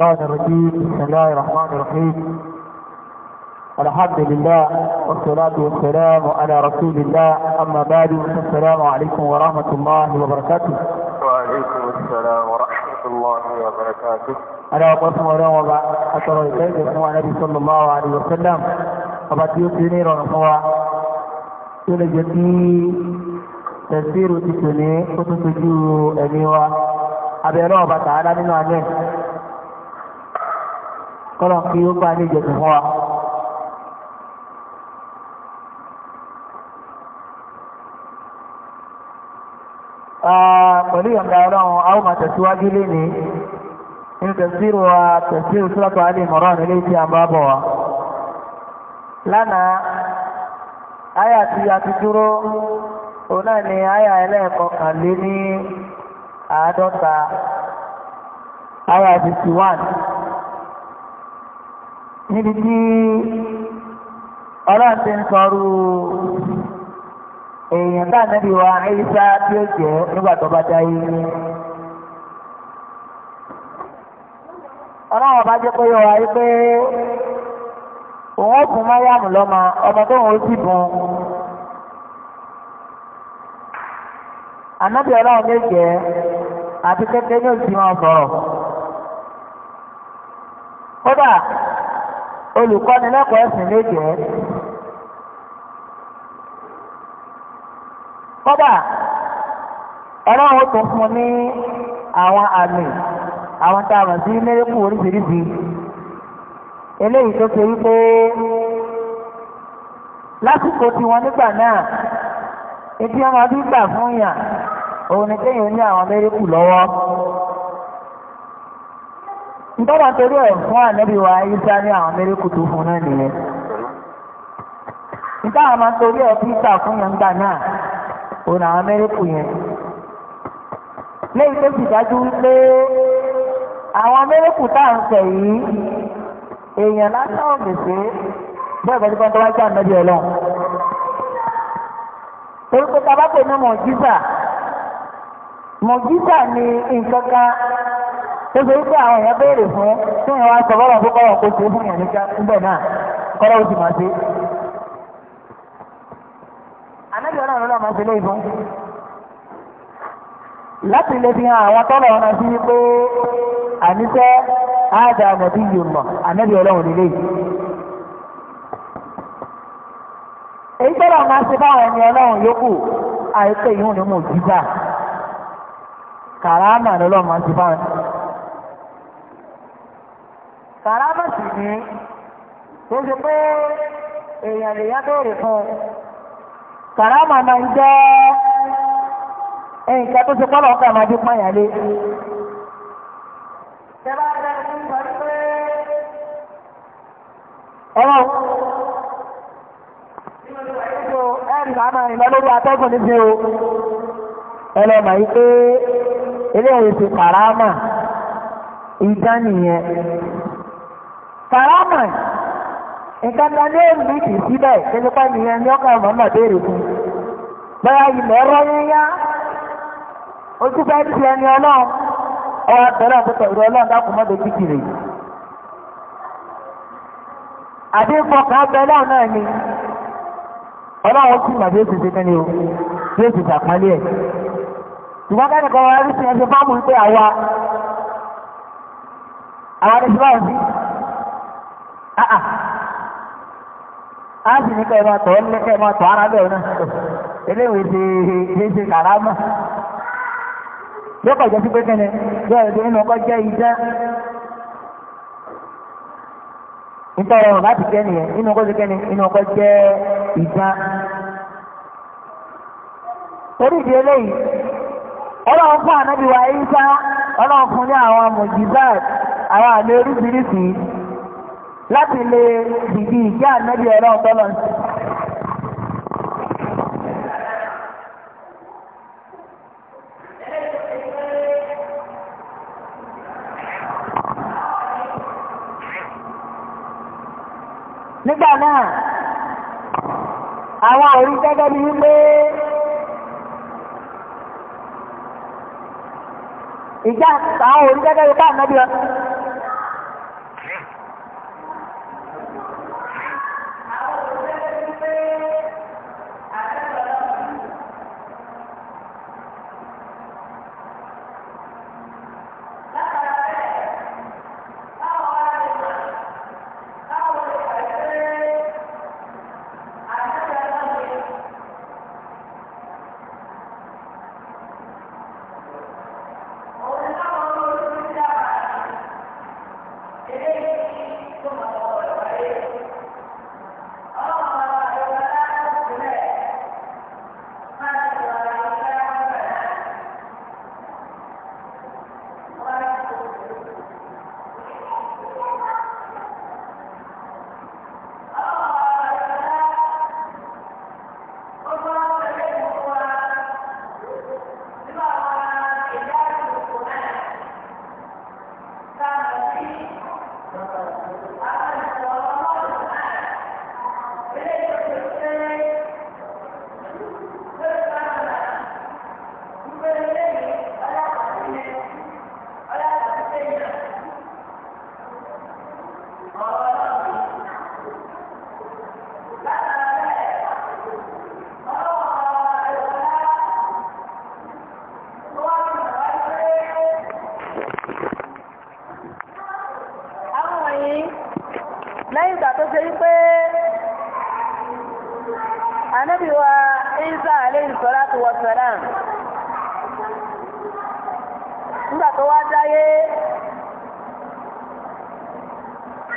الرحمن الرحيم بسم الله الرحمن الرحيم الحمد لله والصلاة والسلام على رسول الله أما بعد السلام عليكم ورحمة الله وبركاته وعليكم السلام ورحمة الله وبركاته أنا أقسم ولا وضع أشر إليك اسمع النبي صلى الله عليه وسلم وقد يسيني رنصوا إلى جدي تسير تسني وتسجو أميوة أبي الله تعالى من أمين kọ́lọ̀ kí ó bá ní ìjọsìn fún wa. pẹ̀lú ìyọ̀nda ọlọ́run a ó máa tẹ̀síwájú lénìí nínú tẹ̀síru wa tẹ̀síru Suratu Ali Imran nílé tí a bá bọ̀ wá. lánàá àyà tí a ti dúró òun náà ni àyà ẹlẹ́ẹ̀kọkànlé ní àádọ́ta àyà fifty níbi tí ọlọ́ọ̀tí ń sọrú èèyàn tá ànábì wa Ìsá tí ó jẹ́ nígbà tó bá dáyé bá jẹ́ pé yọ wá pé òun ó fún Máyàmù lọ́mọ ọmọ tó ń sì bùn ànábì àti ní òsì olùkọ́ni lẹ́kọ̀ọ́ ẹ̀sìn lè jẹ́. kọ́dà ọlọ́run tó fún ní àwọn àmì àwọn tá a mọ̀ sí mẹ́rẹ́kù oríṣiríṣi eléyìí tó ṣe wípé lásìkò tiwọn nígbà náà etí bí gbà fún yàn òun ni kéèyàn ní àwọn mẹ́rẹ́kù lọ́wọ́. ìtọ́wà torí ẹ̀ fún ànẹ́bí wa ìsá ní àwọn mẹ́rẹ́kù tó fún náà nìyẹn ìtàwọn máa torí ẹ̀ písà fún yẹn gbà náà òun àwọn mẹ́rẹ́kù yẹn lẹ́yìn tó sì dájú wípé àwọn mẹ́rẹ́kù tá à ń sẹ̀ yìí èèyàn lásán ò gbèsè bẹ́ẹ̀ bẹ́ẹ̀ tó wájú ànẹ́bí ọlọ́run torí pé tabako ní mọ̀jísà mọ̀jísà ni nǹkan kan tó ṣe wípé àwọn èèyàn béèrè fún tí wọn wá sọ bọ́lá tó kó ṣe fún yàn níjà níbẹ̀ náà kọ́lá ó sì máa ṣe. ànábì ọlọ́run náà máa ṣe lé láti fi hàn àwọn tọ́lọ̀ ọ̀nà sí wípé àníṣẹ́ áàdà ànàbí mọ̀ ànábì èyí tọ́lọ̀ máa ṣe ẹni ọlọ́run àìpé ìhùn jí gbà kàrámọ̀sì ní tó ṣe pé èèyàn lèyàn béèrè fún kàrámà máa ń jẹ́ nǹkan tó ṣe pọ́lọ̀ ọ̀gá máa dín pààyàn lé. Ọlọ́run ẹ̀rì láàmà ìlọ lórí atẹ́gùn níbi o. Ẹlẹ́mà yìí pé ilé ìrètí kàrámà ìdánìyẹn. kàrámà nǹkan kan ní èrò ní kìí síbẹ̀ nípa nìyẹn ní ọkàn mọ́mọ́ béèrè fún bóyá ilẹ̀ ẹ̀rọ yíyá ojú ti ẹni ọlọ́run ọwọ́ abẹ́rẹ́ àbúkọ̀ ìrọ̀ ọlọ́run dákun mọ́dọ̀ kíkìrì àbí fọkàn abẹ́rẹ́ ọ̀nà ni ọlọ́run kí màbí èsì ṣe kẹ́ni o bí ẹ̀ ṣùgbọ́n kẹ́ni kan wọ́n rí sí àwa áà ah, á ah. ah, sì ní kẹ́ ẹ máa tọ́ ní ara bẹ́ẹ̀ náà eléwèé ṣe ṣe ṣe kàrámà yọkọ̀ jẹ́ sí pé kẹ́ni bẹ́ẹ̀ ló nínú ọkọ̀ jẹ́ ìjẹ́ nítorí ọ̀rọ̀ láti jẹ́ nìyẹn nínú ọkọ̀ jẹ́ kẹ́ni nínú torí ìdí eléyìí fún láti lè dìbì ìjẹ́ ànẹ́bí ẹ̀rọ ọ̀tọ́lọ́ nígbà náà àwọn òrí gẹ́gẹ́ bí wípé ìjà àwọn òrí gẹ́gẹ́ bí ká ànẹ́bí ọ̀tọ́lọ́ ànábì wa Isa alayhi salatu wa salam nígbà tó wá dáyé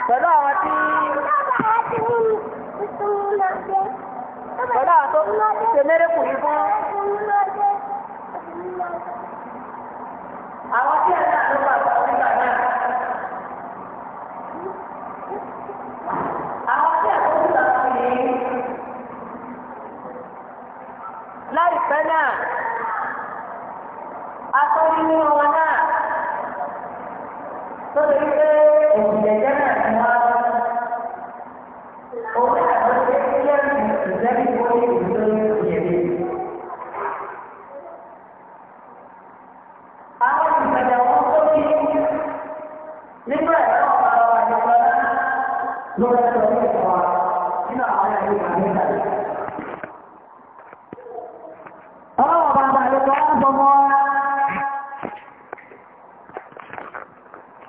pẹ̀lú àwọn tí pẹ̀lú àwọn tó ṣe mérekù yìí fún àwọn tí ẹ̀ka ló bá wà nígbà náà. láìpẹ́ náà a tó rí nínú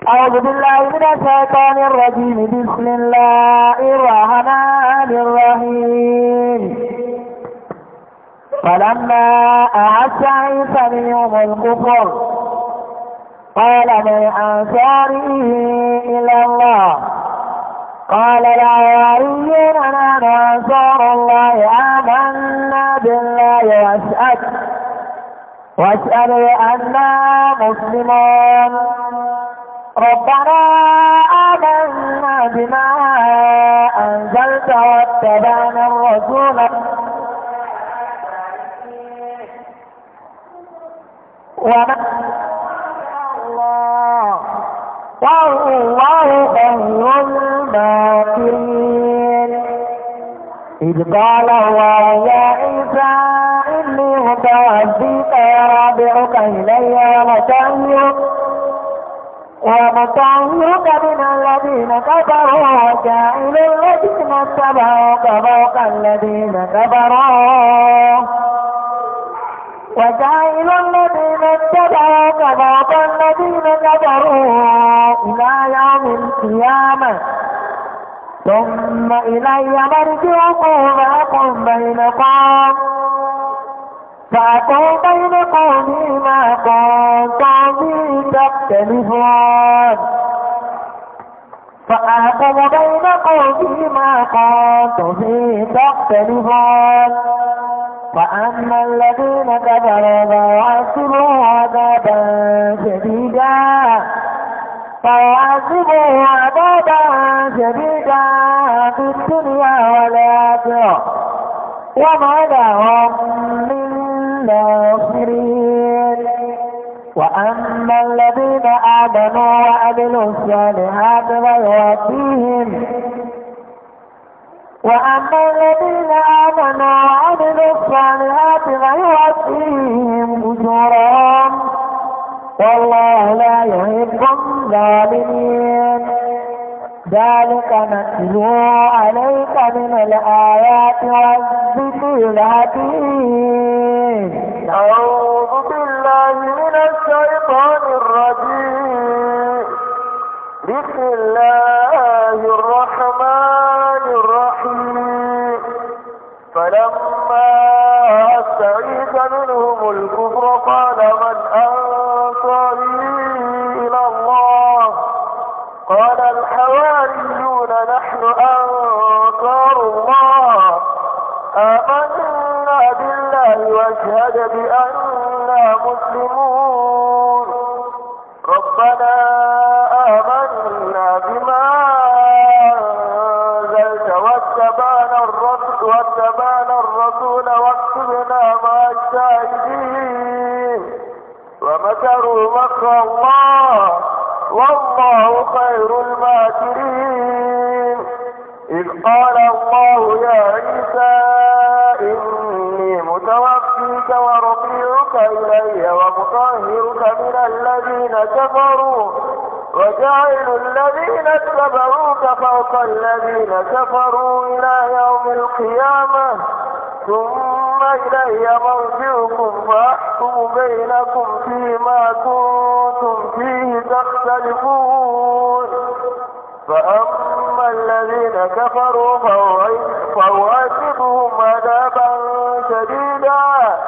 أعوذ بالله من الشيطان الرجيم بسم الله الرحمن الرحيم فلما أعز عيسى منهم الكفر قال من أنصاره إلى الله قال العواريون نحن أنصار الله آمنا بالله واشهد واشهد أنا مسلمون ربنا آمنا بما أنزلت واتبعنا الرسول وما الله والله خير الماكرين إذ قال الله يا عيسى إني متوفيك ورابعك إلي ومسيرك ومطهرك من الذين كفروا وجاعل الذين اتبعوك فوق الذين كفروا وجاعل الذين اتبعوك فوق الذين كفروا إلى يوم القيامة ثم إلي مرجعكم فأقم بينكم فأتوا بين قومي ما كنتم به تختلفون فأتوا بين قومي ما كنتم به تختلفون فأما الذين كفروا فيعذبهم عذابا شديدا فيعذبهم عذابا شديدا في الدنيا والآخرة وما لهم من ناصرين وأما الذين آمنوا وعملوا الصالحات فيوفيهم وأما الذين آمنوا وعملوا الصالحات فيوفيهم أجورهم والله لا يحب الظالمين ذلك نتلو عليك من الآيات والذكر الحكيم أعوذ بالله من الشيطان الرجيم بسم الله الرحمن الرحيم فلما استعيذ منهم الكفر قال بأننا مسلمون ربنا آمنا بما أنزلت واتبعنا الرسول واتبعنا الرسول واكتبنا مع الشاهدين ومكروا مكر الله والله خير الماكرين إذ قال الله الذين كفروا وجعل الذين اتبعوا فوق الذين كفروا إلى يوم القيامة ثم إلي مرجعكم فأحكم بينكم فيما كنتم فيه تختلفون فأما الذين كفروا فأعذبهم عذابا شديدا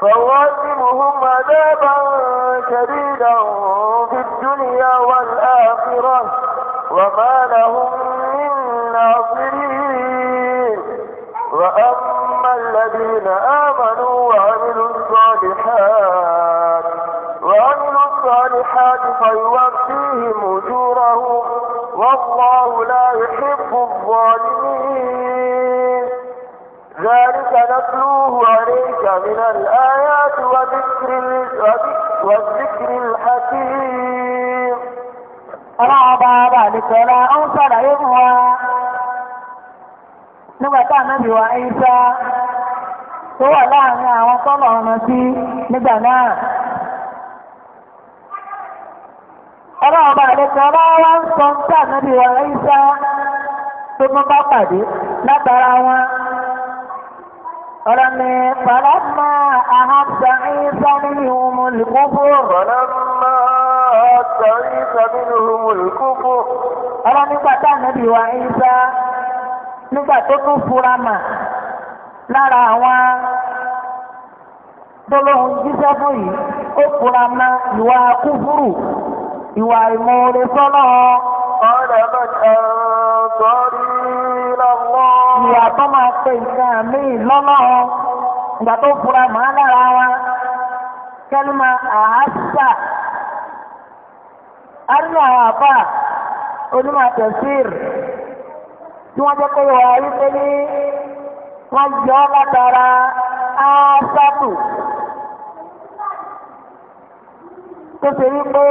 فأعذبهم لهم عذابا شديدا في الدنيا والآخرة وما لهم من ناصرين وأما الذين آمنوا وعملوا الصالحات وعملوا الصالحات فيوفيهم أجورهم والله لا يحب الظالمين ذلك نتلوه عليك من الآيات وذكر والذكر الحكيم رعب ذلك لا أنصر إبوا nígbà tá ànábì wa Ìsá tó wà láàrin àwọn tọ́lọ̀ ọ̀nà sí nígbà náà ọlọ́ọ̀bà àlejò ọlọ́wọ́ ń sọ ń tà ànábì wa Ìsá tó mú bá pàdé látara wọn ọlọ́ni fàlámà àhàbà ìsà nínú olùkókó. fàlámà àhàbà ìsà nínú olùkókó. ọlọ́ni pàtà níbi wa ìsà nígbà tó tún fura mà lára àwọn tọ́lọ́hun jíṣẹ́ fún yìí ó fura mọ́ ìwà kúfúrù ìwà ìmọ̀ọ́rẹ́ sọ́nà. ọ̀rẹ́ mẹ́ta ìgbà tó máa pe nǹkan míì lọ́nà ọ ìgbà tó fura màá lára wa kẹ́límà àásà arínú àwọn àbá onímọ̀ tẹ̀síìr tí wọ́n jẹ́ pé wà á rí pé ní wọ́n yọ látara áásàtù tó ṣe wípé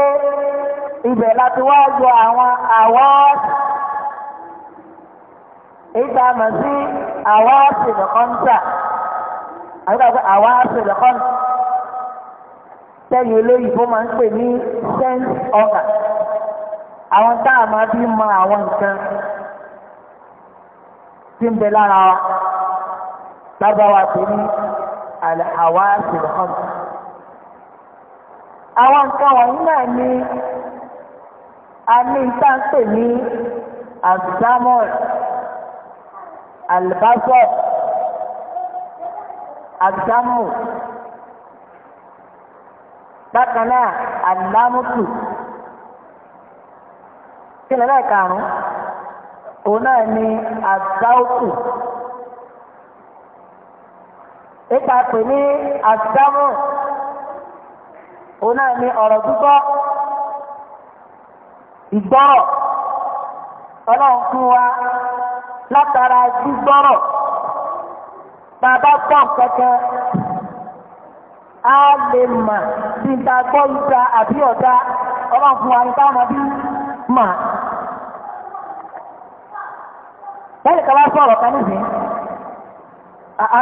ibẹ̀ láti wá yọ àwọn àwọ̀ èyí tá a mọ̀ sí àwa àṣìlẹ̀ kọ́ńtà àyíká pé àwa àṣìlẹ̀ kọ́ńtà tẹ́yìn olóyìnbó máa ń pè ní sense organ àwọn tá a máa fi mọ àwọn nǹkan tí ń bẹ lára wa lábáwá tó ní àwa àṣìlẹ̀ àwọn nǹkan wọ̀nyí náà ni a ní ìtàǹpè ní àbùdámọ́ọ̀lù àlùbásọ̀ àgbámù bákan náà àlámùtù kí lọ́lá ìkarùn òun náà ni àgbáòtù nípa pè ní àgbámù òun náà ni ọ̀rọ̀ gbígbọ́ ìgbọ́rọ̀ ọlọ́run fún wa. látara gbígbọ́rọ̀ bàbá gbọ́ kankan a lè mà nígbà gbọ́ ìta àbí ọ̀dá ọlọ́run fún wa mà. lẹ́yìn kan wá sọ̀rọ̀ kan nísìnyí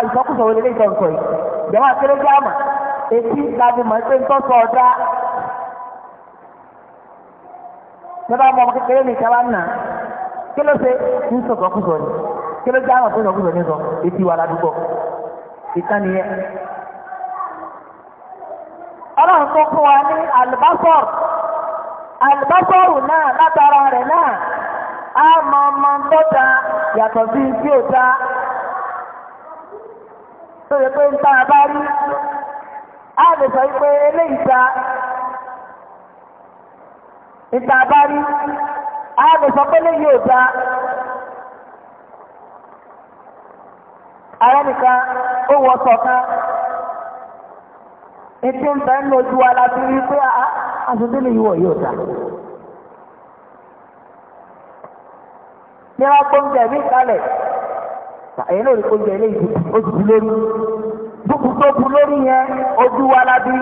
ìsọkúsọ wo lélẹ́yìn kan yìí láti nǹkan sọ mọ ọmọ kékeré nìkan nà. kí ló ṣe ń sọ̀tọ̀ kúsọ̀ ni kí ló àwọn tó sọ̀tọ̀ ní sọ etí wa ládùúgbò ìtàn nìyẹn. ọlọ́run tó fún wa ní àlùbásọ̀rù àlùbásọ̀rù náà látara rẹ̀ náà á mọ ọmọ bá rí lè sọ pé a lè yóò da ó wọ ọsọ ń ojú wa láti rí pé àṣìṣe lè yíwọ yóò da. ní wọn gbóúnjẹ ní ìkàlẹ̀ èyí lórí oúnjẹ ilé ìdí lórí tó bu lórí yẹn ojú wa láti rí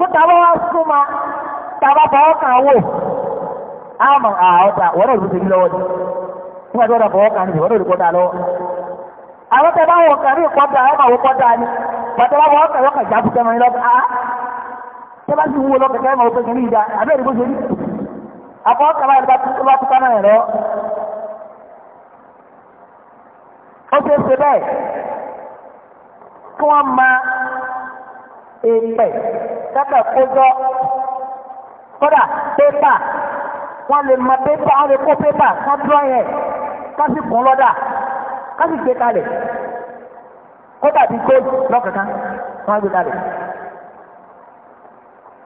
ṣùgbọ́n tàbá wá súnmọ́ tàbá fọwọ́ kàn wò àmọ́ àọ́ta wọ́n òdòdó ti lọ́wọ́ ni fún ẹjọ́ ọ̀dọ̀ fọwọ́ kàn ní wọ́n òdòdó kọ́ta lọ́wọ́. àwọn tẹ bá wọ kàn ní ìkọ́ta ọmọ àwọn kọ́ta ni pàtó bá fọwọ́ kàn lọ́kàn jáde tẹ́ mọ́ ní lọ́kàn á tẹ́ bá sì wúwo lọ́kàn tẹ́ mọ́ ó pèsè ní ìdá àbẹ́ ìdìbò ṣe ní. àfọwọ́ kàn báyìí bá tún kánà ẹ̀rọ. ó ṣe é ṣe bẹ́ẹ̀ kí wọ́n máa èèpẹ̀ kápẹ̀ kójọ kódà pépà wọ́n lè mọ pépà wọ́n lè kó pépà kán dúró yẹn kán sì kún lọ́dà kán sì gbé kalẹ̀ kódà bíi góòlù lọ́kàkán wọ́n gbé kalẹ̀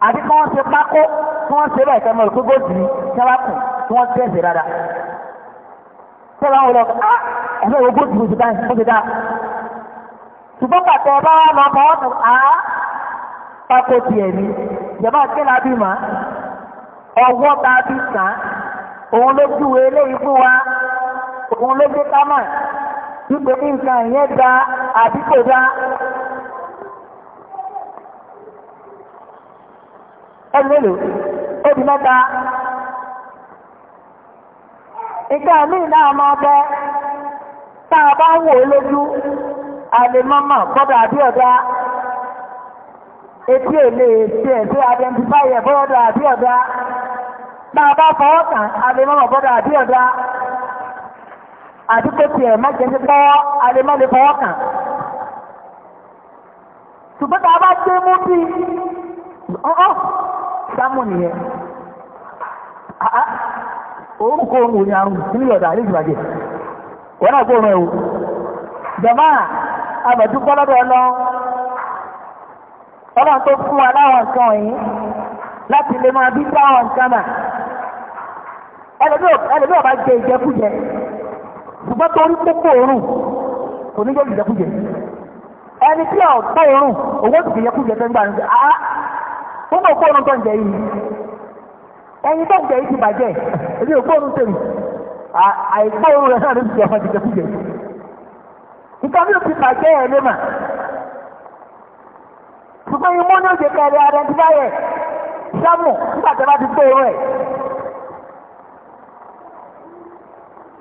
àbí kí wọ́n ṣe pákó kí wọ́n ṣe bá ìtẹ́mọ̀ rẹ̀ pé góòlù ní sábàkù kí wọ́n tẹ̀ ẹ̀sẹ̀ dáadáa sọ́dọ̀ àwọn ọlọ́kọ̀ á ah, ẹ̀fẹ́ wo góòlù ní ti báyìí ó ti dáa ṣùgbọ́n pàtẹ́ bá wà lọ́kọ̀ ọ̀tún ah, á pákó tiẹ̀ ni ìjọba àkẹ́lá bí mà ọwọ́ bá bí sàn òun ló júwe eléyìí fún wa òun ló gbé kámà wípé ní nǹkan ìyẹn da àbí kò da. ẹni mélòó ó di mẹ́ta nǹkan míì náà máa bẹ tá a bá wò ó lójú àlè mọ́mọ́ kọ́dà àbí ọ̀dà. etí èlé etí ẹ̀ tí bọ́ọ̀dà àbí ọ̀dà náà bá fọwọ́ kàn alẹ́mọ́mọ́ bọ́ọ̀dà tiẹ̀ fọwọ́ kàn. ṣùgbọ́n tá a bá dé mú bí ọ́ sámù nìyẹn òun kò mú ní àrùn ọ̀dà wọ́n náà rẹ̀ o àbẹ̀dúgbọ́lọ́dọ̀ ọlọ́run ọlọ́run tó fún wa láwọn nǹkan wọ̀nyí láti lè máa bí táwọn nǹkan mà ẹlẹ́bí ọba jẹ ìjẹkújẹ ṣùgbọ́n torí púpọ̀ òórùn kò ní jẹ́ ìjẹkújẹ ẹni tí ọ̀pọ̀ òórùn owó ti ìjẹkújẹ tẹ́ ń gbà ní ṣe àá fún òpó òórùn tó ń jẹ yìí ẹyin tó ń jẹ yìí ti bàjẹ́ èmi òpó òórùn tèmi àìpọ̀ òórùn rẹ̀ náà ló ti jẹ ọmọ ìjẹkújẹ nǹkan bí ó ti bàjẹ́ ẹ̀ lé mà ṣùgbọ́n imú ní òṣè kẹrin identify na sẹ́mù nígbà tí a bá ti gbé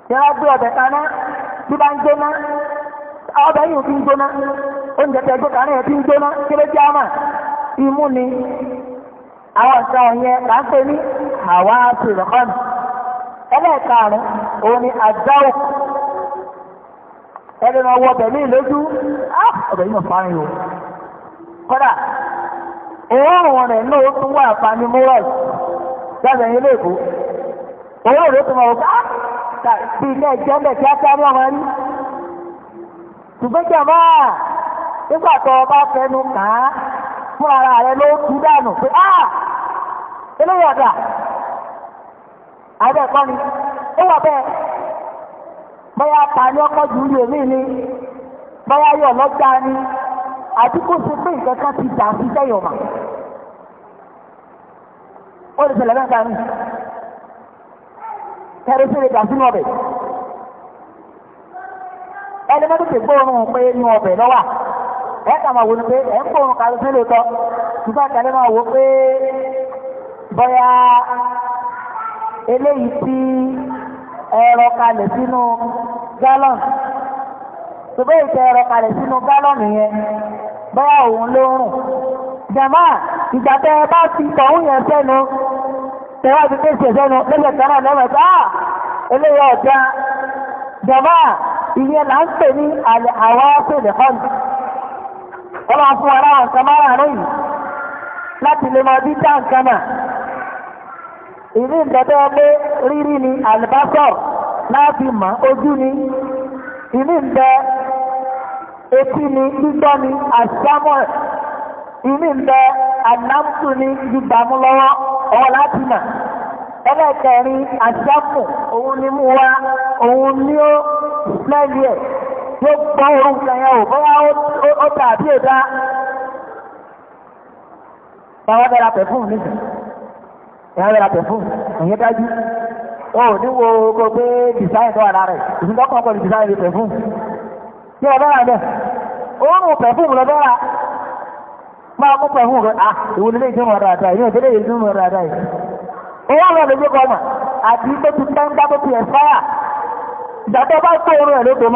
yàrá gbé kaná tí bá ń gbóná ọbẹ̀ yìí ń gbóná oúnjẹ tẹ̀ gbé kaná yẹn ń gbóná kéré tí a mà imú ni àwọn ń pè ní àwa ẹlẹ́ẹ̀karùn-ún òun ni ẹni kọ́dà òórùn rẹ̀ náà tún wà fani morals jáde yín léèkó òórùn rẹ̀ tún wà ó ká ah, ilé ẹjọ́ bẹ̀ kí á kí á mọ̀ wọn rí ṣùgbọ́n nígbà tó o bá fẹnu kàn án fún ara rẹ ló tú dànù pé á ah, eléyìí ọ̀dà àbẹ̀ ẹ̀kọ́ ni ó wà bẹ́ẹ̀ bóyá ta ni ọkọ̀ jù ú lè mí ni bóyá yọ̀ lọ́jà ni. àti kó ṣe pé nǹkan ti dà sí sẹ́yìn ọ̀mà ó lè ṣẹlẹ̀ mẹ́ta ní kẹrin sí lè dà sínú ọbẹ̀ ẹni mọ́tò tè gbóòórùn pé inú ọbẹ̀ lọ́wà ẹ kà máa wò ni pé ẹ ń ṣùgbọ́n ìtẹ́ ẹ̀rọ kalẹ̀ sínú gálọ́ọ̀nù yẹn bọ́ọ̀ òun ló rùn jàmá ìgbà tẹ́ ẹ bá ti tọ̀hún yẹn sẹ́nu tẹ́wà ti pé ṣe sẹ́nu lẹ́sẹ̀ kan náà lọ́wọ́ ẹ̀ka ah, eléyà ọ̀dá jàmá ìyẹn là ń pè ní àwọn ọ̀sẹ̀lẹ̀ ìní ìdọ́dọ́ ni àlùbásọ̀ láti mọ̀ ojú ni etí ni gbígbọ́ ni àṣàmọ̀ ìní ń bẹ àdámùtù ni gbígbàmú lọ́wọ́ ọwọ́ láti ẹlẹ́kẹ̀rin àṣàmù òun ni mú wa òun ni ó lẹ́yìn ẹ̀ gbọ́ ò ó níbi ìyá ìyẹn dájú ó gbogbo tó wà lára ẹ̀ pẹ̀lú tí ẹ bẹ́rẹ̀ bẹ́ẹ̀ oòrùn pẹ̀fúùmù rẹ bẹ́rẹ̀ máa mú pẹ̀fúùmù rẹ à ìwò nílé ìjọ mọ̀ dáadáa yìí mọ̀ dáadáa yìí gbégbá ọmọ àti tẹ́ ń dá tó ti ẹ̀ fáyà bá tó ẹ̀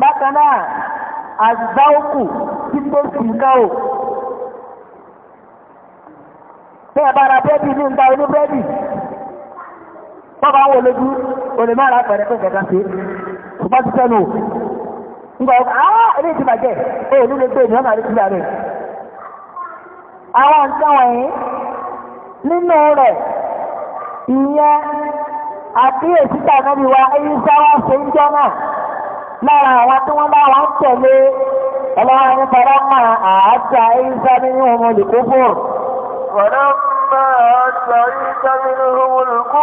bákan náà o bẹ́ẹ̀ bára bẹ́ẹ̀dì ní ìta bọ́bá wọ lójú olè má ra pẹ̀rẹ̀ pé gẹ̀gẹ̀ sí ṣùgbọ́n ti sẹ́nu ńgbà ọkọ̀ àwọn ilé ti bàjẹ́ èyí ló lè gbé ènìyàn náà létí rẹ̀ àwọn nǹkan wọ̀nyí nínú rẹ̀ ìyẹn tàbí ṣe ń jọ náà lára àwọn tí wọ́n bá ń tẹ̀lé ọlọ́wọ́ ní sá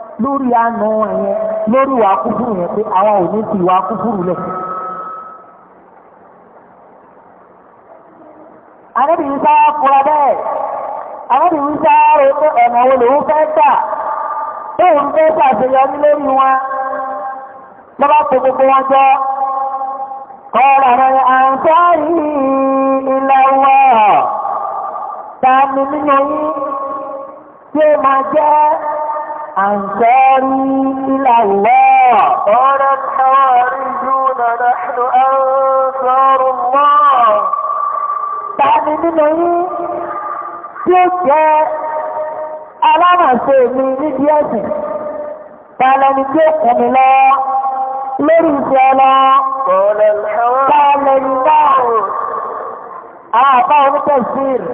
lórí àánú ẹ̀yẹn lórí ìwà kúkúrú yẹn pé àwọn ò ní fi ìwà kúkúrú lẹ̀. àníbìyí sáà fura bẹ́ẹ̀ àníbìyí sáà rò pé ọ̀nà wo lòun gbà fẹ́ lórí lọ́ba tó gbogbo jọ ń sáré أنصاري إلى الله قال الحواريون نحن أنصار الله tàbí nínú yín tí ó jẹ́ alámọ̀ṣe mi níbi ẹ̀sìn tàlẹ́ni tí ó kún mi lọ lórí ìṣẹ́ lọ tàlẹ́ni náà àwọn àbá onítẹ̀síìrì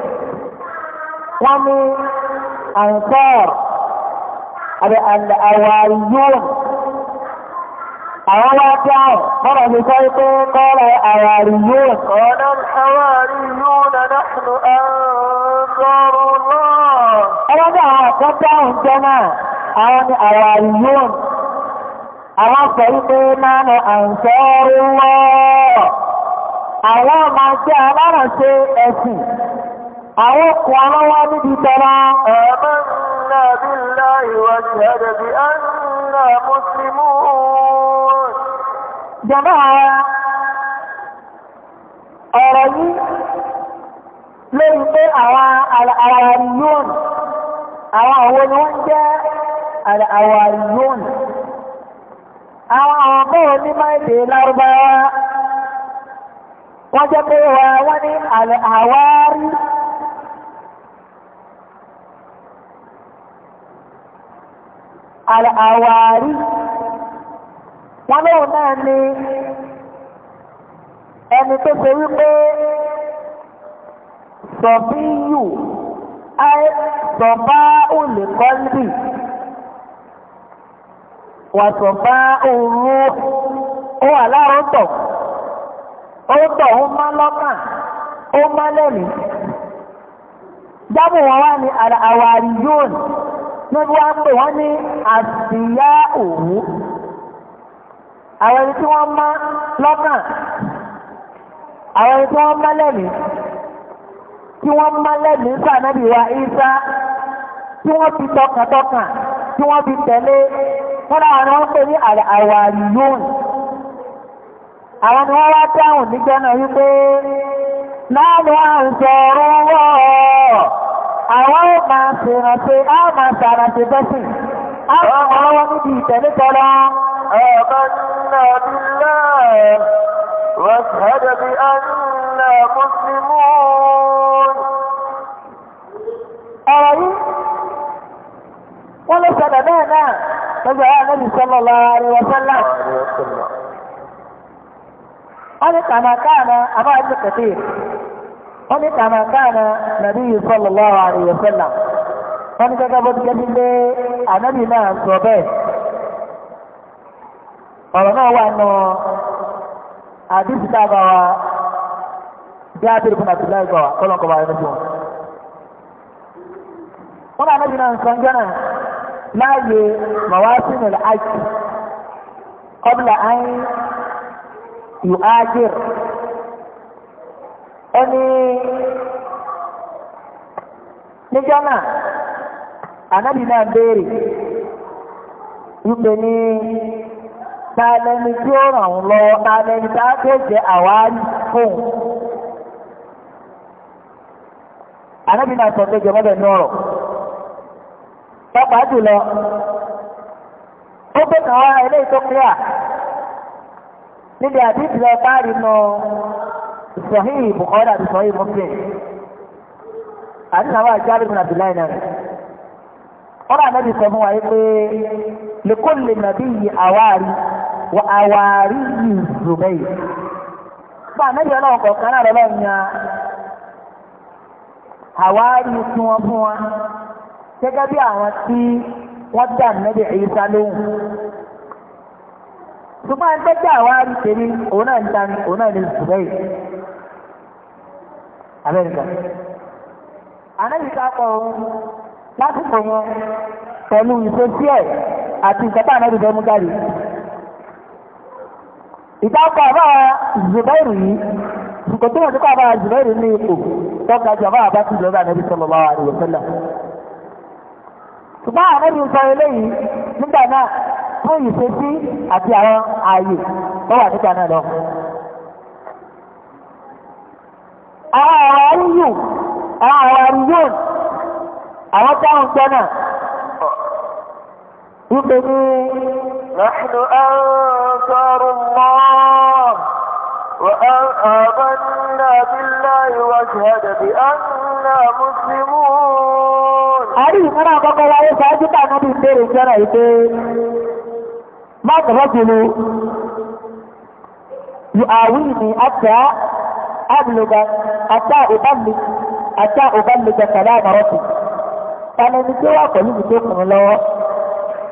wọ́n ní àǹsọ́ọ̀rù àti àwàyún àwọn wá tí àwọn mọ́rọ̀ ní sọ pé kọ́rọ̀ àwàríyún ọ̀nà àwàríyún na náà ẹ̀rọ náà ẹwọ́n ní àwọn àkọ́kọ́ àwọn jẹ́ náà àwọn ni àwàríyún àwọn sọ pé máa nà àǹsọ́rọ̀ àwọn ọmọ jẹ́ alárànṣe ẹ̀sìn àwọn ọkùnrin wọn níbi tọ́lá ẹ̀mọ́ náà bí بالله واشهد بأننا مسلمون جماعة أرأي ليس الأواريون الأولون جاء الأواريون àwọn àwọn bọ́ọ̀ ní لما èdè lárúbáwá wọ́n وني pé wà àwárí wọn lóhùn náà ni ẹni tó ṣe wípé sọ̀bíyù sọ̀bá òlè kọ́lbì wà sọ̀bá òru ó wà sọ tọ̀ ó tọ̀ ó má lọ́kàn ó má lẹ́mìí wọn wá ní yóò ní. níbi a pè wọ́n ní àbíyá òwú àwọn ẹni tí wọ́n ma lọ́kàn àwọn ẹni tí wọ́n tí wọ́n sọ wa Ìsá tí wọ́n fi tọkàntọkàn tí wọ́n fi tẹ̀lé wọ́n náà ni wọ́n pè ní àwà yóòn àwọn ni wọ́n wá dáhùn nígbẹ́ náà wípé ń sọ̀rọ̀ àwọn ó máa ṣèrántí á máa ṣàrántí bẹ́sìn á máa lọ́wọ́ níbi ìtẹ̀lé tọ́lá. Àmàlà bílá wàṣẹ́dẹ̀ bí a nílà Mùsùlùmún. Ọ̀rọ̀ yìí, wọ́n lè ṣẹlẹ̀ bẹ́ẹ̀ náà lọ́jọ́ ayé wọ́n ní kàmá káàna nàbí sallallahu alaihi wasallam wọ́n ní gẹ́gẹ́ bó ti jẹ́ nílé ànábì náà sọ bẹ́ẹ̀ ọ̀rọ̀ náà wà nù àdìsí tábà wa bí abiri fún àtìlẹ́ ìgbà wa kọ́lọ̀ kọ́ba ẹni jù wọn náà ànábì náà sọ njẹ́ náà láàyè mawasinul hajj qabla an yu'ajir. níjọ́ náà ànábì náà béèrè wípé ní tàlẹ́ni tí ó ràn án lọ́wọ́ tàlẹ́ni tá a tó jẹ́ àwárí fóun. ànábì náà sọ pé jọmọ́bẹ̀ ní ọ̀rọ̀ pápá jùlọ ó gbé eléyìí tó kíá níbi àdìsí lọ bá rí a wà jáde bin abdullahi náà na. náà sọ fún wa yìí pé lèkóle nàbí yìí àwárí wà àwárí yìí zùbẹ́yì fún ànábì ọlọ́run kọ̀ọ̀kan náà lọ́wọ́ ya àwárí tí wọ́n fún wa gẹ́gẹ́ bí àwọn tí wọ́n dá nàbì Ìsá lóhùn ṣùgbọ́n ẹgbẹ́ àwárí tèmi òun ànábìká kọ lásìkò yẹn pẹ̀lú ìṣesí ẹ̀ àti ìkẹta ànábì bẹ́ẹ̀ mú jáde. ìtàkọ̀ àbá zubairu yìí ṣùgbọ́n tí wọ́n ti kọ́ àbá zubairu ní ipò tọ́ka jù àbá àbá tìjọ bá ànábì sallallahu alaihi wasallam. ṣùgbọ́n ànábì sọ eléyìí nígbà náà fún ìṣesí àti àwọn ààyè tó wà nígbà náà lọ. àwọn ọ̀rọ̀ ayé yìí àwọn àwàríyàn àwọn táwọn gbọ́nà wípé ní nàìjíríà ẹ̀ẹ́sọ́rọ̀ mọ́ وآمنا Àrí ìmúra àkọ́kọ́ láyé ṣáájú tà náà bí ìbéèrè jẹ́rà ìpé máa tọ̀rọ̀ jùlọ yìí àwí ni àtà àbìlògbà àtà ìbámi àti àbúgbà lè jẹ kàlá àmọ́rọ́tì tani ní tí wà pẹ̀lú mi tó kùn lọ́wọ́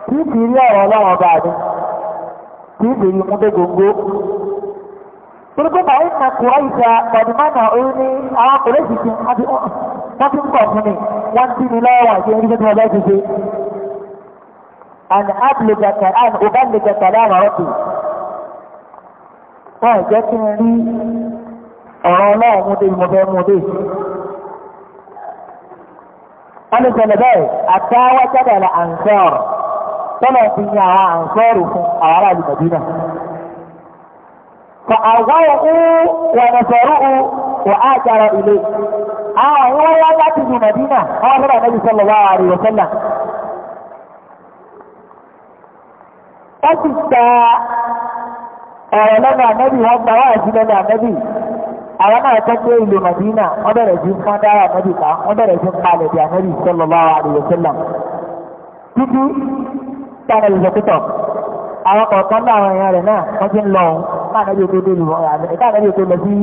kì í fi rí ọ̀rọ̀ ọlọ́run ọba mi kì mú dé gbòǹgbò. Gbogbo bàá ń na kùrọ̀ ìjà pàdùmánà orí ní àwọn kùrẹ́ ìsìnkú àti wọ́n ti ń bọ̀ fún mi wọ́n ti ní lọ́wọ́ àti ẹni tó ti wọ́n bá ti ṣe. Àni àbùlẹ̀jà kàlá àni ọba lè jẹ kí n rí ọ̀rọ̀ ọlọ́run mú dé ìmọ̀fẹ́ mú dé wọ́n ní sọ̀rọ̀ bẹ́ẹ̀ àtàwọn sábàlá ànsọ́ọ̀rù tọ́lọ̀ ti yan àwọn ànsọ́ọ̀rù fún àwọn aráàlú Mẹ̀dínà. fa àwọn òkú wọn sọ̀rọ̀ òkú wọ́n á jára ilé. àwọn àwọn wọn láti ìlú Mẹ̀dínà àwọn sọ̀rọ̀ ànábì sọ̀rọ̀ wá àrè wọ̀sẹ̀là. wọ́n ti gba ọ̀rọ̀ lọ́nà ànábì wọ́n gba wáàjú lọ́nà ànábì àwọn náà tó gbé ìlú Madina wọ́n bẹ̀rẹ̀ sí fún dára ànábì ká wọ́n bẹ̀rẹ̀ sí palẹ̀ bí ànábì sallallahu alaihi wasallam títí tára ìjọ pítọ̀ àwọn kọ̀ọ̀kan náà àwọn èèyàn rẹ̀ náà wọ́n ti ń lọ òun ká ànábì tó dé ìlú ká ànábì tó lọ sí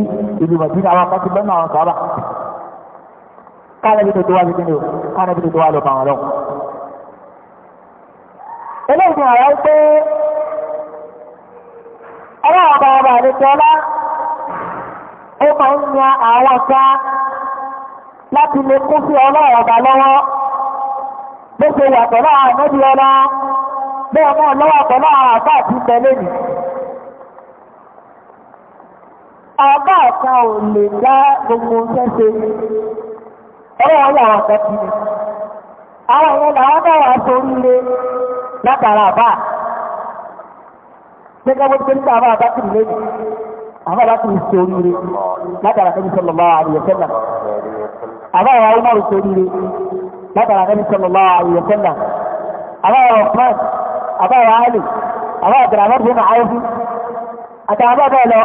ìlú Madina àwọn kan ti lọ náà àwọn sọ́ọ́bà ká ànábì tó tó wá kíni o ká ànábì tó tó bá wọn lọ. eléyìí ni àwọn pé ọlọ́run ọba ọba àlejò ó máa ń yan àwọn ọ̀gá láti lè kún sí ọlọ́run ọ̀gá lọ́wọ́ bó ṣe wà pẹ̀lú àwọn àmọ́bí ọlá bẹ́ẹ̀ náà lọ́wọ́ pẹ̀lú àwọn àbá àti tẹ̀lé nì. Àbá kan ò lè dá gbogbo ṣẹ́ṣe ẹ̀rọ àwọn ọ̀gá ti ni. Àwọn ìyẹn làwọn àbá láti fi ṣe oríire látara kẹ́mi sallallahu alaihi wasallam àbá wa Umar ṣe oríire látara kẹ́mi sallallahu alaihi wasallam àbá wa Uthman àbá wa Ali àbá wa Abdulrahman bin Auf àtàwọn bá bẹ́ẹ̀ lọ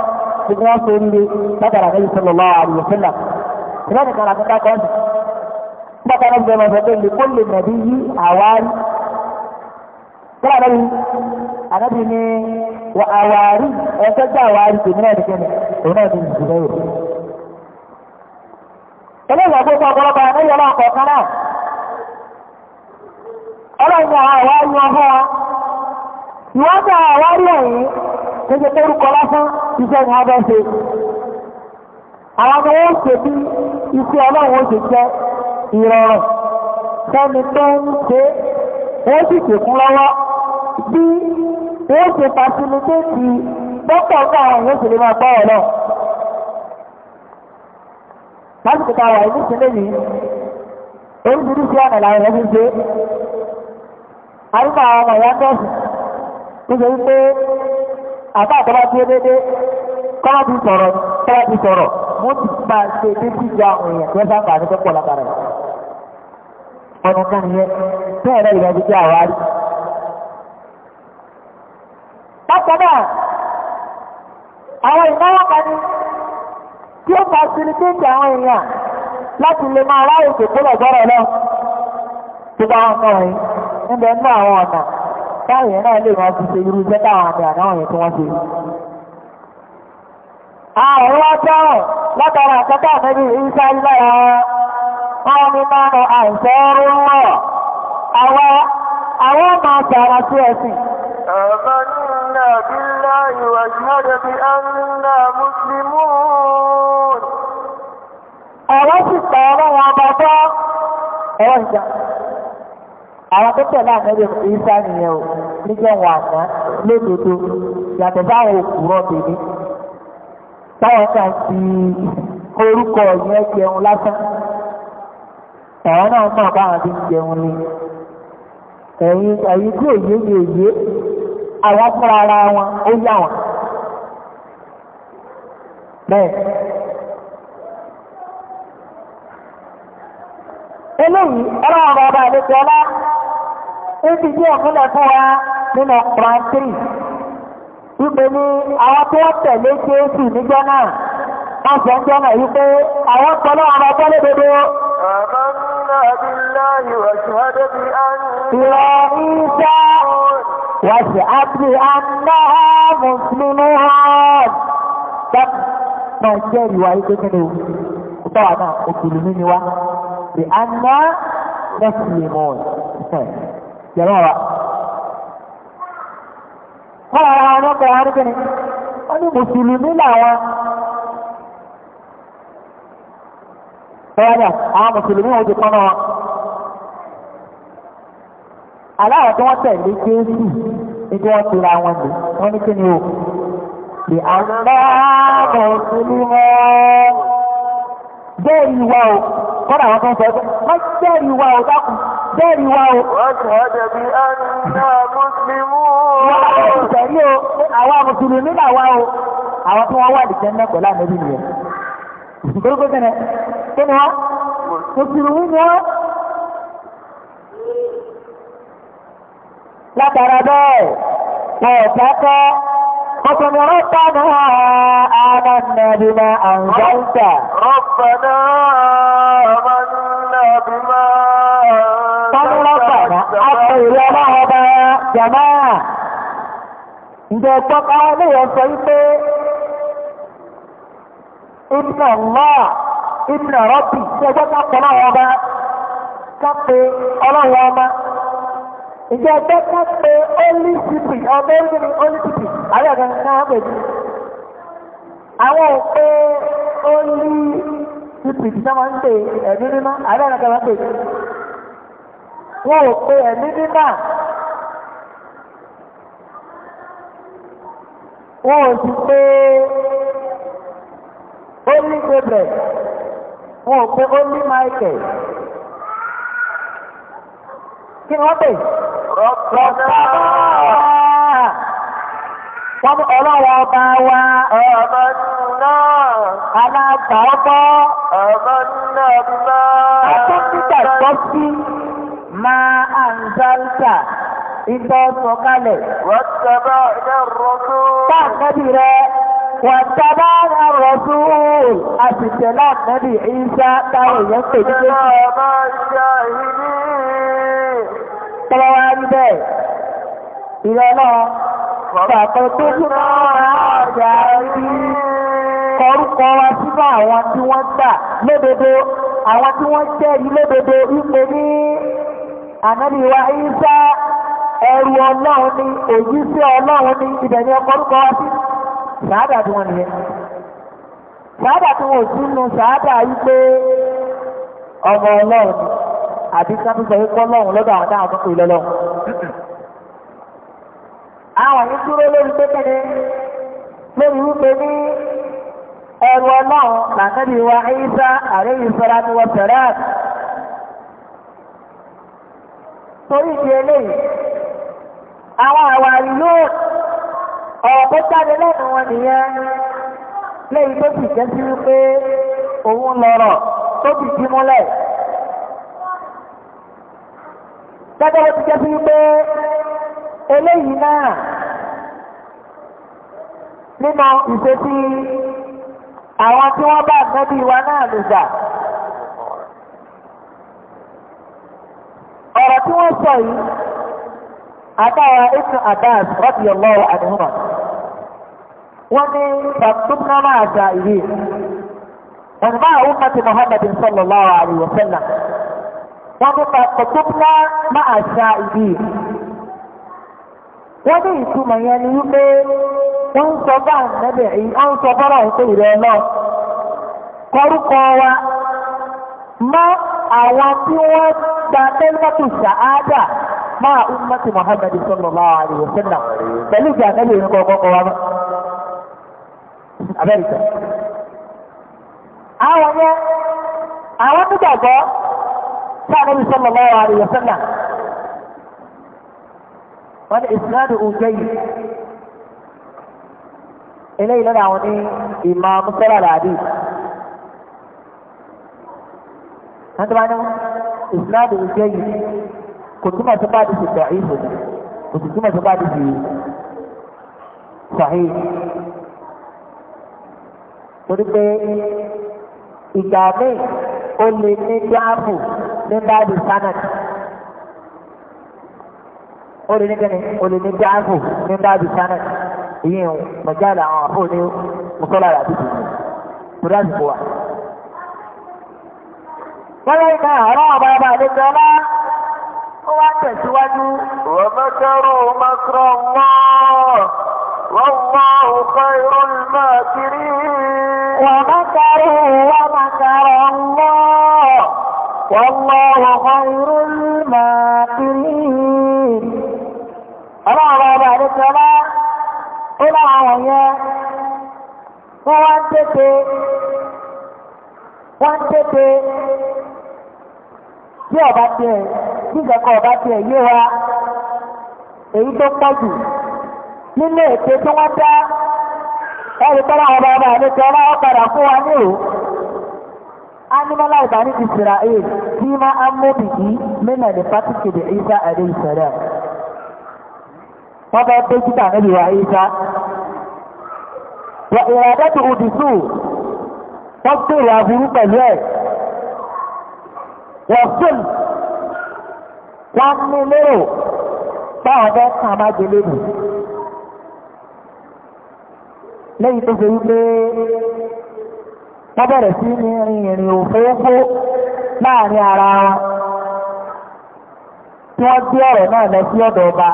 gbogbo wọn ṣe oríire látara kẹ́mi sallallahu alaihi wasallam àti kákọ́ọ̀dù kọ́lá àdábì àdábì ní wà àwárí ẹ̀fẹ́ gbà àwárí tèmi náà nìkan ní òun náà ní ìdílé rẹ̀. eléyìí àgbẹ̀ fún ọ̀pọ̀lọpọ̀ àdáyé ọlọ́run kọ̀ọ̀kan náà ọlọ́run àwọn àwárí wọn fún wa ìwọ́n tẹ àwárí ẹ̀yìn kéde pé orúkọ lásán iṣẹ́ ni wọ́n bẹ́ ṣe àwọn ọmọ wọn ṣe bí iṣẹ́ ọlọ́run ó ṣe jẹ́ ìrọ̀rùn sẹ́ni tó ń ṣe wọ́n sì ṣèkún lọ́wọ́ bí wọ́n ṣe fasilitéètì dọ́kítà ọgbà àwọn èèyàn ṣe lè máa gbọ́ ọ̀rọ̀ lásìkò tá a wà ní ìṣẹ̀lẹ̀ yìí oríṣiríṣi ọ̀nà làwọn èèyàn fi ṣe arúgbó àwọn ọmọ ìyá nọ́ọ̀sì nítorí pé àbá àtọ́lá dúró dédé kọ́lá ti sọ̀rọ̀ kọ́lá ti sọ̀rọ̀ mo ti máa ṣe dédé ìjà àwọn èèyàn tó sábà ní tó pọ̀ lágbára ọ̀nà kan nìyẹn bẹ́ẹ̀ náà ìrẹ́jú jẹ́ bákan náà àwọn ìnáwó kan ní tí ó fa àwọn èèyàn láti lè máa ráyè tòkó lọ́gbọ́rọ̀ lọ tó bá wọn náà ní àwọn ọ̀nà táwọn èèyàn náà lè máa fi ṣe irú iṣẹ́ táwọn àmì èèyàn wọ́n látara àkọ́kọ́ àmẹ́bí ilé wọn máa àìsẹ́ àwọn àwọn بالله واشهد بأننا مسلمون àwọn sì pa ọlọ́run ọba tó ọwọ́ ìjà àwọn tó tẹ̀lé àmẹ́rẹ́ ìsá nìyẹn o níjẹ́ wọn àná lódodo yàtọ̀ sáwọn òkúrọ̀ bèbí táwọn kan fi orúkọ yẹn jẹun lásán àwọn náà mọ̀ báwọn ti jẹun ni ẹ̀yin tí òye ni òye àwọn fúnra ara wọn ó yà wọn bẹ́ẹ̀ eléyìí ọlọ́run ọba àlejò ọlá ó ti jẹ́ ìpínlẹ̀ fún wa nínú Quran 3 wípé ní àwọn tó tẹ̀lé Jésù níjọ́ náà wọ́n sọ ń náà wípé àwọn tọ́lọ́ àwọn ọjọ́ lódodo Ìrọ̀ ìṣà واشهد بأنها مسلمات máa jẹ́rìí wa wípé kí ni o báwa náà òkèlè ní wa the anna muslimon yẹ̀rọ wa. wọ́n ara wọn náà kọ́ wọn ní kíni wọ́n ní mùsùlùmí làwọn. bẹ́ẹ̀ ni àwọn aláwọ̀ tí wọ́n tẹ̀lé Jésù ní kí wọ́n ti ra wọn lè wọ́n ní kí ni o lè àgbàbọ̀ sílé wọn bẹ́ẹ̀rì wa o kọ́nà àwọn tó ń sọ ẹgbẹ́ wọ́n bẹ́ẹ̀rì wa o dákun bẹ́ẹ̀rì wa o. wọ́n ti wá dẹ̀bi ẹnìyà mùsùlùmí o. wọ́n á lè àwọn tí wọ́n wà lè jẹ́ mẹ́kọ̀ọ́ láàmú ẹbí nìyẹn. ìsìnkú gbẹ́gbẹ́ ni kí ni wọ́n mùsùlùmí ni wọ́n. látara bẹ́ẹ̀ wọn ò dákọ́ ọkùnrin rọ́pàá náà àmàna bímọ àǹgáńtà. rọ́pàá àmàna bímọ àǹgáńtà. tọ́lú rọ́pàá náà á pè Allah, ọlọ́wọ́ bá jàmáà. ǹjẹ́ ìtọ́ka léèyàn sọ wípé ìbùnà náà ìbùnà rọ́bì ṣẹgbẹ́ ká pọ̀ náà wọ́n bá ká pé ọlọ́wọ́ ọmọ ìjọba ká pé only city ọmọ orílẹ̀ ní only city àwọn ọ̀gá ní káwọn pè ní àwọn ò pé only city tí wọ́n ń pè ẹ̀mí mímọ́ àwọn ọ̀gá wọn pè ní wọn ò pé ẹ̀mí mímọ́ wọn ò sì pé only Gabriel wọn ò pé only Michael kí wọ́n pè ní. ربنا wọ́n ọlọ́wọ́ ọba wa ọ̀mọ̀nà aláàbà ọgbọ́ ọ̀mọ̀nà bá akọ́kítà gbọ́ sí máa àǹzálítà ìgbọ́ sọ̀kalẹ̀ wọ́n tẹ̀bá ẹ̀dẹ́ rọ́dún pàǹkẹ́bì rẹ̀ واتبعنا الرسول أتتلا النبي عيسى كان ينقل tọ́wọ́ wá rí bẹ́ẹ̀ ìrẹ́ náà pàtó tó fún ọ̀rọ̀ àrí kọrúkọ wa sínú àwọn tí wọ́n gbà lódodo àwọn tí wọ́n jẹ́rìí lódodo ní ànábì wa Ìsá ẹrù ọlọ́run ni èyí sí ọlọ́run ni ibẹ̀ ni ọkọrúkọ wa sí sàádà tí wọ́n ọmọ ọlọ́run àbí sábì sọ pé kọ́lọ́hún lọ́dọ̀ àwọn táwọn tó kù lọ́lọ́. àwọn yìí dúró lórí pékeré lórí wípé ní ẹrù ọlọ́run làǹkẹ́bí wa ẹ̀yíṣà àrẹ ìṣọ́ra ni wọ́n tẹ̀lé àt. torí ìdí eléyìí àwọn àwàrí yóò ọ̀rọ̀ jáde lẹ́nu wọn nìyẹn lẹ́yìn tó sì jẹ́ sí wípé òun lọ̀rọ̀ tó sì jí múlẹ̀. gẹ́gẹ́ bó ti jẹ́ pé eléyìí náà nínú ìṣesí àwọn tí wọ́n bá nẹ́bí wa náà lè gbà. ọ̀rọ̀ tí wọ́n sọ yìí àtàwọn Ibn Abbas radiyallahu anhuma wọ́n ní fàtúnná máa gbà ìwé. wọ́n máa wọ́n ní ma má àṣà ìdí. wọ́n ní ìtumọ̀ yẹn ni wípé wọ́n sọ bá ànẹ́bẹ̀ èyí wọ́n ń sọ bọ́lá òkú ìrẹ́ náà kọ́rúkọ wa mọ́ àwọn tí wọ́n gba máa Muhammad النبي صلى الله عليه وسلم والإسناد جيد إليه لنا وني إمام صلى الله عليه هذا معنى إسناد كنت ما تقادي في الضعيف ما تقادي في صحيح torí pé ìgbà míì ó lè ní dáàbò ní báàbí sanad ó lè ní kíni ó lè ní jáàbù ní báàbí sanad èyí ń mọ̀jáàlá àwọn àfọ̀ ní mùsọ́lá àti tìǹbù tó dáàbò kó wa. wọ́n lè ka àwọn ọ̀bá ọba àlejò ọlá ó wá tẹ̀síwájú. wọ́n mẹ́kẹ́rù mẹ́kẹ́rù mọ́ wọ́n mọ́ òkè irun náà kiri. wọ́n mẹ́kẹ́rù wọ́n mẹ́kẹ́rù mọ́. والله خير الماكرين ọba yẹn wọ́n wá ń wọ́n ń bí ọba tiẹ̀ bí ìjọba ọba tiẹ̀ yé wa èyí tó pọ̀ jù nínú ètò tí wọ́n dá ẹ̀rí ọba ọba àdékọ́lá animal bani isra'il shi ma an mubigi min al-fatki da isa alayhi salam wọ́n bá dé kíta níbi wa isa wà ìràdẹ́tù òdìsú wọ́n gbèrè aburú pẹ̀lú ẹ̀ wọ́n sùn wọ́n ní lérò báwọn bẹ́ẹ̀ kàn má lẹ́yìn tó ṣe wípé wọ́n bẹ̀rẹ̀ sí ní rin ìrìn láàrin ara wọn tí wọ́n gbé ọ̀rọ̀ náà lọ sí ọ̀dọ̀ ọba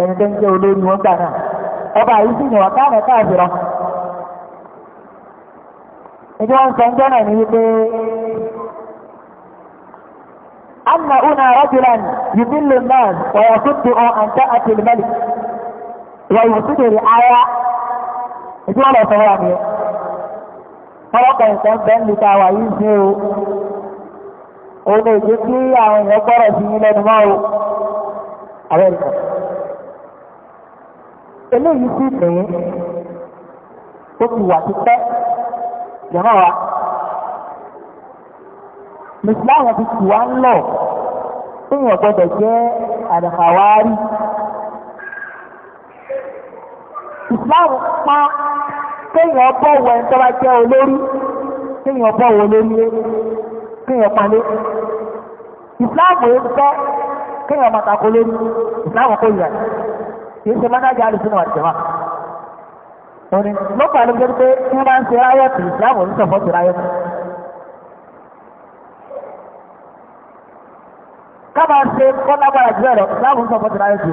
ẹni tó ń jẹ́ olórí wọn gbà náà ọba yìí sì sọ náà ní wípé ọlọ́pàá nǹkan bẹ́ẹ̀ ní ta wà yìí ṣe o ó lè jẹ́ kí àwọn èèyàn gbọ́rọ̀ sí yín lẹ́nu o àwọn ẹ̀kọ́ eléyìí sì pé ó ti wà ti pẹ́ jọ̀mọ́ wa mùsùlùmí ti tù wá ń lọ èèyàn gbọ́dọ̀ jẹ́ àdàkàwárí ìsìláàmù pa kéèyàn bọ̀ wọ ẹni tó bá jẹ́ olórí kéèyàn bọ̀ wọ olórí kéèyàn palé ìsìláàmù yìí gbọ́ kéèyàn máa tako lórí ìsìláàmù kò yẹ kì í ṣe mọ́nájà àlùsùn wà jẹ́ wà. òní ló fà ló gbé pé kí wọ́n máa ń ṣe ráyọ̀tì ìsìláàmù ń sọ̀fọ́ sí ráyọ̀tì. ká ṣe kọ́ńdà bàrà jù ìsìláàmù ń sọ̀fọ́ sí ráyọ̀tì.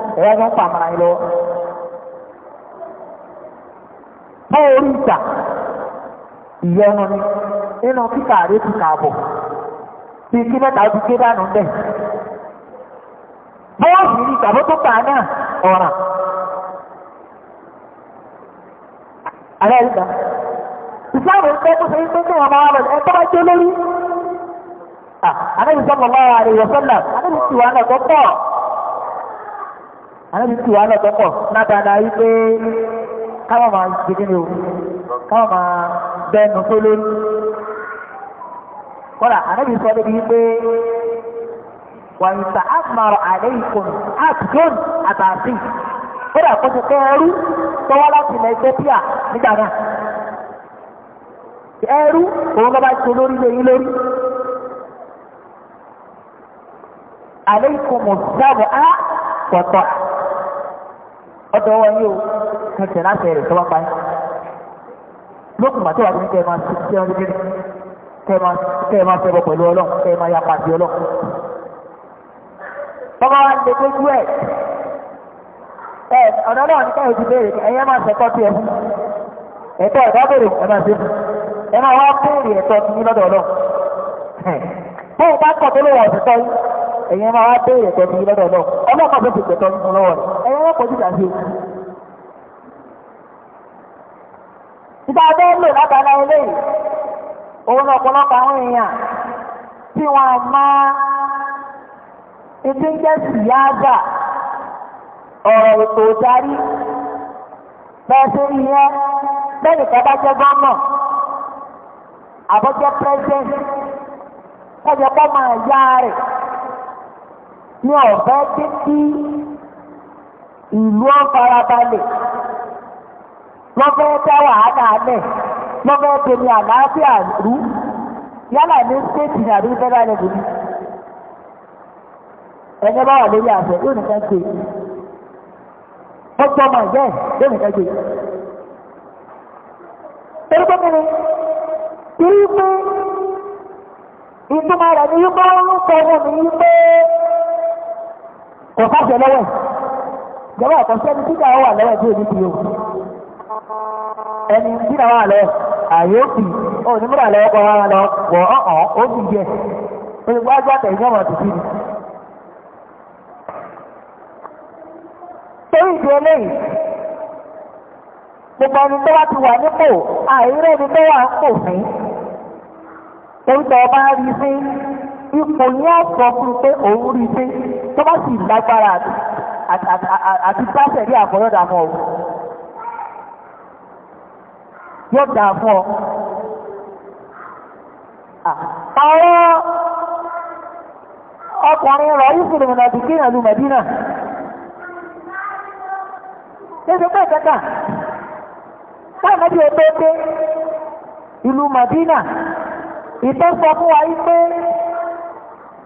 ẹ wá sọ́n pàmàrà yín lọ́wọ́. báwo orí ìjà ìyọnu ni nínú kíkà rẹ ti kà bọ̀ bí kí mẹ́ta ti gé dànù bẹ́ẹ̀. báwo sì ni ìjàmbá tó kà náà ọ̀ràn. ààrẹ ìgbà ìsìláàmù ń pẹ́ tó ṣe ń pẹ́ tó wọn máa lọ ẹ tó bá jẹ́ lórí. ànábì sọ́mọ́ máa wà ní ìwọ̀sọ́nà ànábì sì wà náà tó pọ̀ àlejò tí wàá lọ tọ́pọ̀ látara wípé káwọn máa gbèdé ni o káwọn máa bẹnu tó lórí kọ́lá àlejò sọ débi wípé wàyí ta àmàrọ̀ àlejò àtúntòn àtàtì kódà kó ti kẹ́rú tọ́wọ́ láti ilẹ̀ Ethiopia nígbà náà ẹrú òun lọ́ba ṣe lórí lẹ́yìn lórí àlejò mọ̀ kọtọ ọdọ wọn yóò kẹsẹ láti ẹrẹ tọwọ pa yín lókùn màtí wàá kẹ máa ti kẹ ọdún kẹrin kẹ máa kẹ máa fẹ́ bọ pẹ̀lú bàbá wa lè dojú ẹ ẹ ọ̀dọ́ náà ní káyọ̀ ti béèrè ẹ̀yẹ́ máa ṣẹ̀kọ́ tiẹ̀ fún ẹ̀tọ́ ẹ̀dá béèrè ẹ̀ máa ṣe ẹ̀ máa wá béèrè ẹ̀tọ́ ti ní lọ́dọ̀ Ọlọ́run bóun bá kọ̀ tó lè wọ̀ ọ̀sẹ̀ tọ́ yín ẹ̀yin máa wá béèrè pẹ̀lú yín lọ́dọ̀ náà ọlọ́pàá ló fi pẹ̀tọ́ nínú lọ́wọ́ rẹ̀ ẹ̀yin ọlọ́pàá ojú ìdàgbé. ìgbà bẹ́ẹ̀ lò lábala eléyìí òun ọ̀pọ̀lọpọ̀ àwọn èèyàn tí wọ́n máa ìdí ń jẹ́ síyáàgà ọ̀rọ̀ ètò ìdarí bẹ́ẹ̀ tó ń yẹ bẹ́ẹ̀ nìkan bá jẹ́ gọ́ọ̀nà àbọ̀jẹ́ pírẹ́sẹ̀ntì kọjọ máa yá rẹ̀ ní ọ̀fẹ́ dé ìlú ọ̀farabalẹ̀ lọ́fẹ́ wàhálà lọ́fẹ́ tèmi àlàáfíà rú yálà ní stéètì ní àdúgbò bá wà lórí àfẹ́ yóò nìkan ṣe ó tọ́ yóò nìkan ṣe torí pé kíni ìtumọ̀ rẹ̀ ni wípé ń sọ fún mi kò jẹ lọ́wọ́ ìjọba àkọsẹ́ ni dídà wà lọ́wọ́ tí èmi fi o ẹni dídà wà lọ́wọ́ àyè òkì ó ní múra lọ́wọ́ lọ wọ̀ ọ̀hún ó bì jẹ olùgbọ́ ajá tẹ̀ ìjọba àtúntì ni. torí ìdí eléyìí gbogbo ẹni tó wá ti wà nípò àìrẹ́ni tó wà ń pò fún orúkọ ọba rí fún ipò yẹn sọ fún pé òun rí pé tó bá sì lágbára àti báṣẹ̀ rí àfọyọ́ dà fún ọ yóò dà fún ọ. àwọn ọkùnrin rọ̀ yìí fún ìrìnà Mẹ̀dínà pé ìkẹta tó dé ìlú Mẹ̀dínà ìtọ́sọ fún wa yìí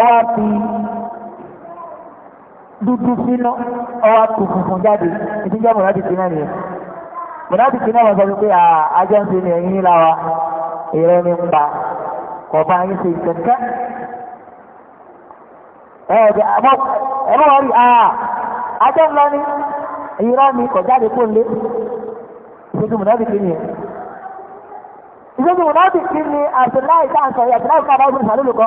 ọwá fi dúdú sínú ọwá tu funfun jáde ìdíjọ́ mọ̀lábìtì náà nìyẹn mọ̀lábìtì náà wọ́n sọ pé àjọ ń ṣe ní ẹ̀yìn láwa èrò ní ń pa kọ̀ọ̀bá yín ṣe ìkẹ̀kẹ́ ẹ̀ẹ́dẹ̀ àmọ́ ẹ̀rọ wọn rí àà ajọ́ ńlá ní ìrọ́ mi kọ̀ jáde kó lé ìṣẹ́jú mọ̀lábìtì nìyẹn ìṣẹ́jú mọ̀lábìtì ni àṣìláì tá à ń sọ yìí àṣìláì tá à ń sọ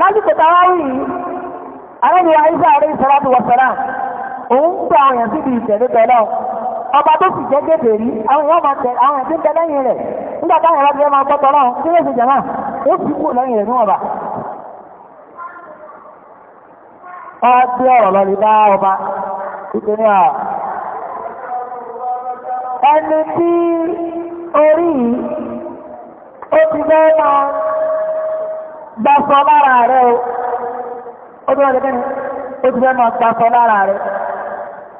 a táwa rí yi, àìsà àrẹ́ ìsọ́láàtì wọ̀sọ̀lá òun ń tẹ àwọn èèyàn síbi ìtẹ̀lé tẹ̀lọ́ ọba tó sì jẹ́ gèdè àwọn àwọn rẹ̀ nígbà táwọn ọba tẹ máa gbọ́tọ̀ lọ́hùn kí ló ṣe jẹ̀ ó sì kú lẹ́yìn rẹ̀ níwọ̀nba. ọ̀rọ̀ lọ lè bá ọba à gbàsọ lára rẹ o ó ti wọ́n kẹ́ni ó ti fẹ́ máa gbàsọ lára rẹ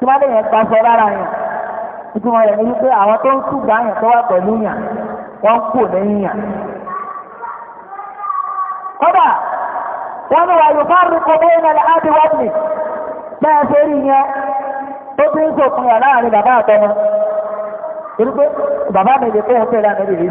tí wọ́n lè yẹn gbàsọ lára yẹn ìtumọ̀ rẹ̀ ni wípé àwọn tó ń túgbà yẹn tó wà pẹ̀lú yẹn wọ́n kù lẹ́yìn yẹn. kódà wọ́n ní wà yóò fárú kọ bóyá náà láti wọ́n bẹ́ẹ̀ ṣe rí yẹn ó ti ń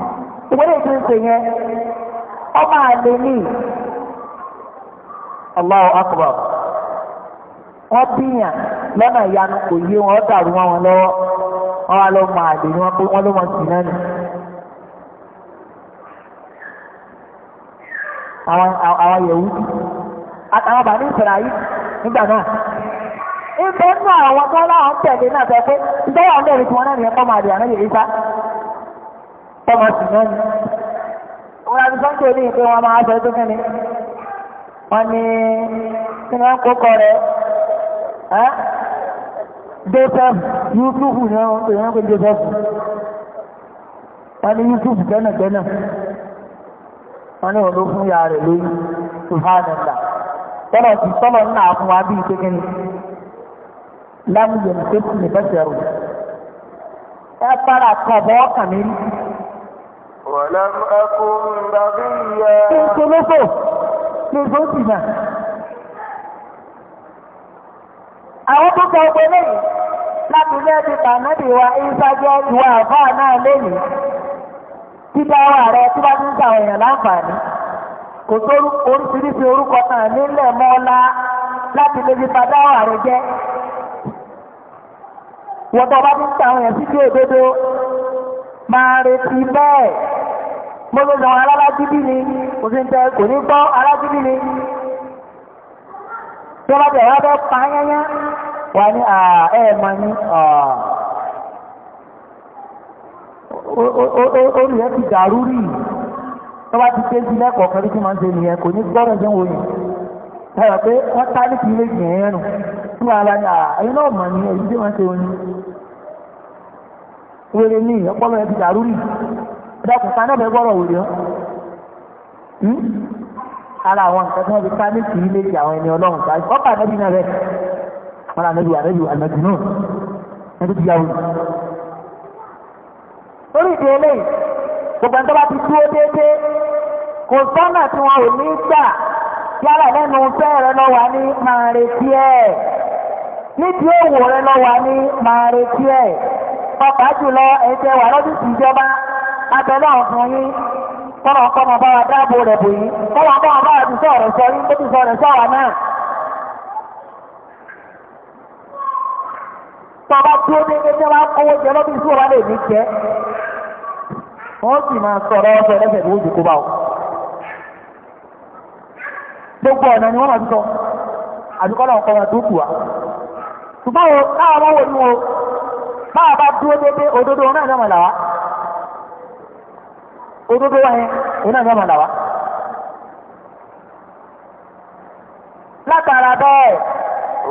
ìwọlé ìtún ṣe yẹn maa àlè ní Allahu akbar wọ́n bíyàn lọ́nà ìyanu kò yé wọn ó dàrú wọn lọ́wọ́ wọ́n wá lọ́ mọ ní wọn pé wọ́n ló mọ sí náà nì. àwọn yẹ̀wù àtàwọn bàbá ayé nígbà náà ìbẹ́nu àwọn tó láwọn tẹ̀lé tọ́mọ sì náà ni. Wọ́n á ti sọ́ńtò ìpé wọn máa sọ ẹgbẹ́ mi. Wọ́n ní kí wọ́n kó kọ rẹ̀. Joseph Yusuf ni wọ́n pè Joseph. Wọ́n ní Yusuf Wọ́n ní ló fún ìyá rẹ̀ Tọ́lọ̀ ti tọ́lọ̀ fún wa bí ìpé ní bẹ́sẹ̀ Ẹ para kọ̀ bọ́ rí. ولم أكن بغيا انطلقوا لجدنا àwọn tó kọ ọgbẹ lẹ́yìn láti lati tànàbì wa ìsá jẹ́ ìwà àfáà náà lẹ́yìn dídá oríṣiríṣi orúkọ náà nílẹ̀ mọ́lá láti lè fi padà wà jẹ́ wọ́n tó bá ti ń èèyàn sí kí òdodo máa retí bẹ́ẹ̀. gbogbo ìgbà wọn ni kò sí tẹ kò ní gbọ́ alábàájíbí ni tí wọ́n bá pa wà ní ẹ̀ẹ̀mọ̀ ní orí rẹ̀ ti dàrú rí tó bá ti tẹ́sí lẹ́kọ̀ọ́ tí máa ń kò ní jẹ́ wòye pé wọ́n tá ní kìí lè nù tí wọ́n ara ní ẹ̀yìn náà mọ̀ ní èyí tí wọ́n ṣe oyin ní ọpọlọ dákùn ká náà gbọ́rọ̀ wòlé ọ́ hmm? ara àwọn nǹkan tí wọ́n fi ká ní kìí méjì àwọn ẹni ọlọ́run ká ọkà ànábì náà rẹ̀ wọn ànábì ànábì ànábì náà wọ́n tó ti yà wòlé. torí ìdí eléyìí gbogbo ẹni tó bá ti dúró déédéé kò sọ́nà tí wọn ò ní gbà yálà lẹ́nu iṣẹ́ rẹ lọ́wọ́ ní máa retí ẹ̀ nídìí òwò rẹ lọ́wọ́ ní máa retí ẹ̀ pàápàá jùlọ ẹ̀jẹ̀ wà lọ́dún ìjọba abẹ́lẹ́ ọ̀gbìn yín kọ́nà kọ́nà bá wa dáàbò rẹ̀ bò yín kọ́nà kọ́nà bá wa ti sọ ọ̀rọ̀ sọ yín tó ti sọ ọ̀rọ̀ sọ ọ̀rọ̀ náà. Tọ́ba tí ó ní ẹgbẹ́ wa kówó jẹ lọ́bí ìṣúra lè ní jẹ́. Wọ́n sì máa sọ̀rọ̀ ọ̀sẹ̀ lẹ́sẹ̀ ní ojú kó bá o. Gbogbo ọ̀nà ni wọ́n máa sọ. Àdúgbọ́lá ọkọ̀ wa tó kù wa. Ṣùgbọ́n o, káwọn ọmọ wo ni o? Báwa bá dúró déédéé, òdodo náà náà mọ̀ làwa òdodo wa yẹn òun náà ní ọmọ làwa. látara bẹ́ẹ̀.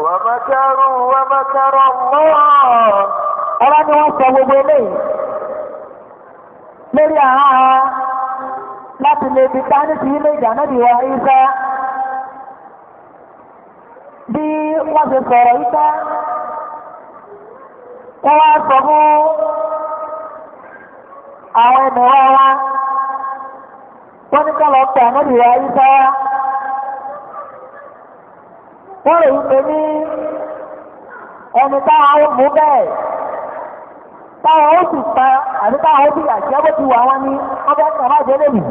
wà á mẹ́kẹ́rù wà á mẹ́kẹ́rù mọ́. ọlá ni wọ́n sọ gbogbo eléyìí lórí àwọn àwọn láti lè fi ta ní ti ilé ìjà náà ìwà ìsá bí wọ́n ṣe sọ̀rọ̀ ìsá wọ́n wá sọ fún àwọn ènìyàn wa wọ́n ní kálọ̀ tẹ̀ níbi ìyá ifá wọ́n lè yí pé ní ẹni táwọn ó mú bẹ́ẹ̀ táwọn ó sì pa àti táwọn ó sì àṣẹ bó ti wà wọ́n ní ọbẹ̀ bàbá ìdílé mi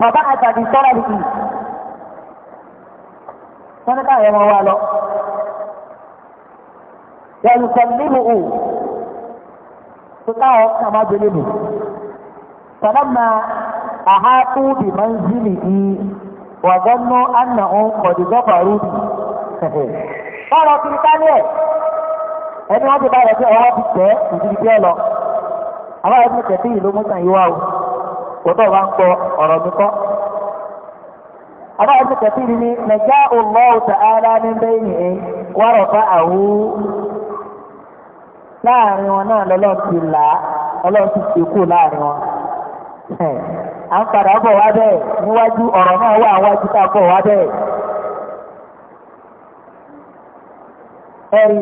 bàbá àtàdì sọ́ra nìkì wọ́n ní káyọ̀ wọn wá lọ. Yẹ̀lùkọ̀ nínú ò tó táwọn ọ̀sán máa délé mi. فلما a. بمنزله وظنوا أنهم قد ظفروا به قالوا في الثانية ẹni wọn ti bá rẹ ọwọ́ ti tẹ ìdílé ẹ lọ àwọn ẹbí tẹ̀sí ìlú mọ́tàn yìí wá o kò tó bá ń kọ ọ̀rọ̀ mi kọ́. àwọn ìlú ni ní wọ́n rọ̀ láàrin wọn náà ti là à ń padà bọ̀ wá bẹ́ẹ̀ níwájú ọ̀rọ̀ náà wà wájú tá bọ̀ wá bẹ́ẹ̀. ẹ̀rí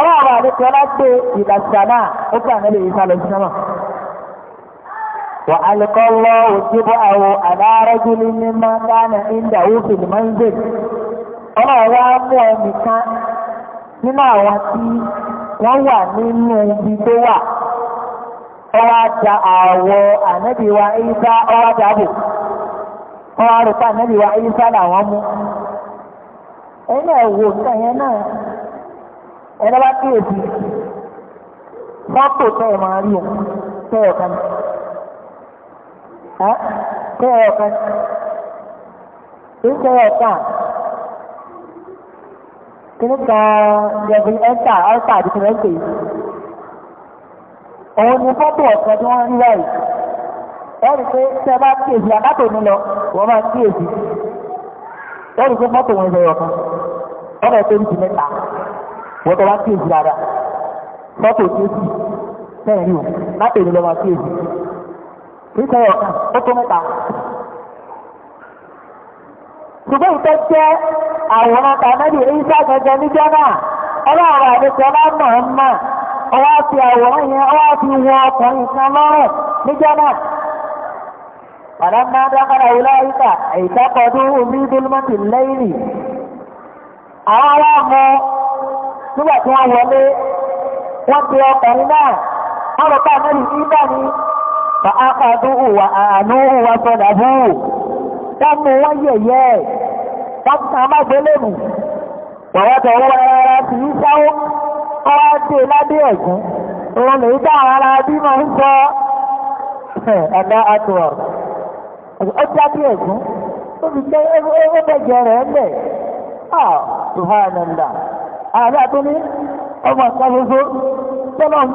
ọ̀rọ̀ àwọn àlejò ọlágbé ìlàjà náà ó gbà nílé yìí sálọ sí sọ́mọ̀. وألقى الله جبعه على رجل ní كان عنده في المنزل ọlọ́wọ́ mú ẹnìkan nínú àwọn tí wọ́n wà nínú ibi tó wà ọwọ́ ta àwọ̀ ànábìwa ìsá ọwọ́ dàbò ọwọ́ àrùkọ ànábìwa ìsá ẹni ẹ̀wò kẹyẹ náà naa bá na fọ́tò tẹ́ ẹ̀ máa rí o tẹ́ ẹ̀ ọ̀kan tẹ́ ẹ̀ ọ̀kan tẹ́ ẹ̀ kí ni kan jẹ̀bi ẹ̀ta ẹ̀ta àdìsí yìí. òun ni fọ́tò ọ̀sán tí wọ́n ń láì ẹ̀rì pé tẹ́ bá àbátò mi lọ wọ́n máa ẹ̀rì pé fọ́tò wọn ìbẹ̀rẹ̀ ọ̀kan mẹ́ta wọ́n bá fọ́tò sì o látò mi lọ máa ọ̀kan ó tó mẹ́ta ṣùgbọ́n jẹ́ àwòrán gẹ́gẹ́ ní jẹ́ náà ọlọ́run náà ń ọwọ́ fi àwòrán yẹn ọwọ́ fi wọ ọkùnrin kan lọ́rùn níjọ́ náà. Fàlámà dákàrà ìlàríkà ìtàkọ̀dú omi dúlmọ́tì lẹ́yìnì. Àwọn aláàmú nígbà tí wọ́n wọlé wọ́n pe ọkùnrin náà wọ́n lọ bá mẹ́rin nígbà ní fàákàdú ìwà àánú ìwà sọ̀dà bú. Wọ́n mú wọ́n yẹ̀yẹ́ wọ́n ti sàn má gbélé mù. Wọ́n wá tọ̀ wọ́n rárá sí í sáwó. ọwá dé ládé ẹ̀gún òun lè dá àwọn bí máa ń sọ ẹ̀dá àtúwọ̀ ó jáde ẹ̀gún ó fi rẹ̀ ààrẹ ah, àtúní ọmọ tọ́lọ̀ ń bí ah, wọ́n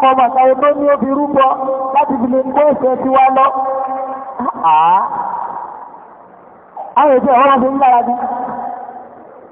kọ́ ní ó fi rúbọ láti fi lè kó lọ ah, àwọn ọ̀rọ̀ ṣe ń bí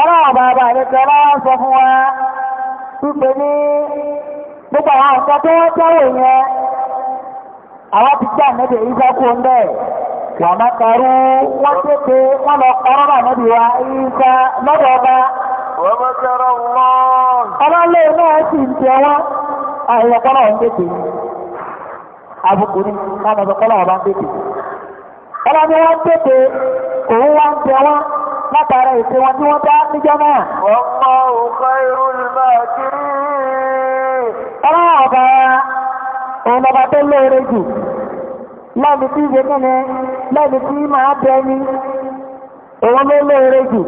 ọlọ́wọ́ bàbá àwọn tó àwọn látara ètè wọn tí wọ́n dá níjọ́ náà. ọmọ òkè irun máa kiri. ọlọ́run ọba òun ọba tó lóore jù lẹ́nu tí ìṣe kíni lẹ́nu tí máa bẹni òun ló lóore jù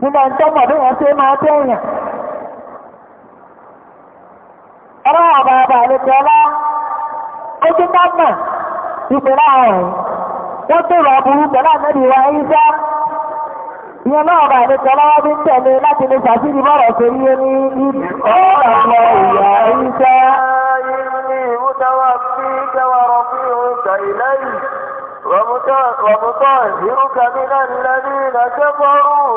nínú ẹni tó mọ̀ bí wọ́n ṣe tó rọ̀ ọ̀bùrú pẹ̀lú àmẹ́bí wa ẹ̀yìn sáà. ìyẹn náà bá ní tọ́lọ́wọ́ bí ń tẹ̀lé láti lè ṣàfihàn bọ́rọ̀ tó yé ní ọ̀rọ̀ ìyá ìṣẹ́. ومطهرك من الذين كفروا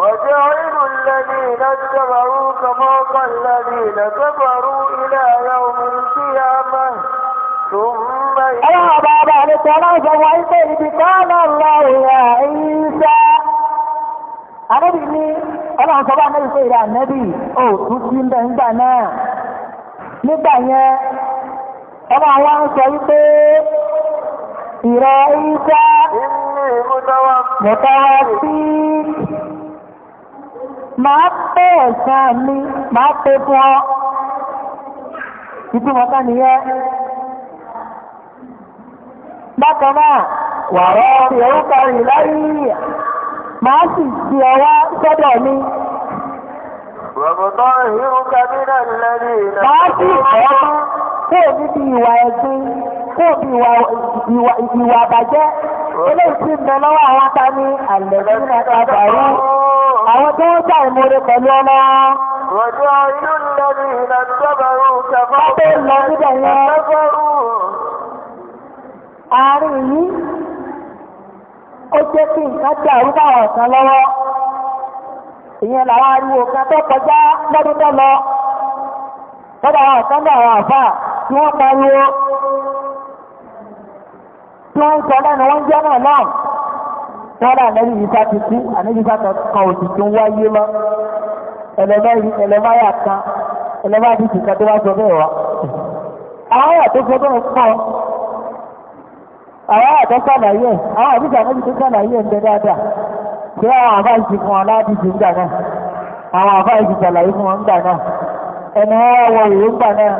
وجاعل الذين اتبعوك فوق الذين كفروا إلى يوم القيامة ثم يا بابا لتنازع وإنت إذ قال الله يا عيسى ọlọ́run sọ bá nẹ́bí pé ìrẹ́ ànẹ́bí ò tún sí ń bẹ nígbà náà nígbà yẹn ọlọ́run wá ń sọ wípé ìrẹ́ ìṣá mọ̀tàwá sí máa pé ẹ̀sán mi máa pé fún ọ ìtumọ̀ ká nìyẹn bákan náà wàrọ̀ ọ̀rẹ́ òkàrí láyé máa sì di ọwá sọ́dọ̀ mi. ومطهرك من الذين kó o níbi ìwà ẹ̀gbin kó o bí ìwà ìwà àbàjẹ́ eléyìí tí ń bẹ lọ́wọ́ àwọn tani àlẹ́bí náà dàrú àwọn tó ń sá ìmoore pẹ̀lú ọlọ́. Wọ̀dọ̀ inú lẹ́nu ìlànàbàrú kẹfọ́. Pápẹ́ lọ síbẹ̀ yẹn. Àárín yìí, ó jẹ́ kí nǹkan dàrú báwọn ọ̀sán lọ́wọ́. ìyẹn làwọn ariwo kan tó kọjá lọ́dún lọ lọ́dọ̀ àwọn ọ̀sán àwọn àfà tí wọ́n pariwo tí wọ́n ń sọ lẹ́nu wọ́n jẹ́ náà náà ti kú kan tó wáyé kan tó wá sọ bẹ́ẹ̀ wá. àwọn tí àwọn àbá ìsìn fún wọn láti ń gbà náà àwọn àbá ìsìn ṣàlàyé fún wọn ń gbà náà ẹni wọ́n wọ ìwé ń gbà náà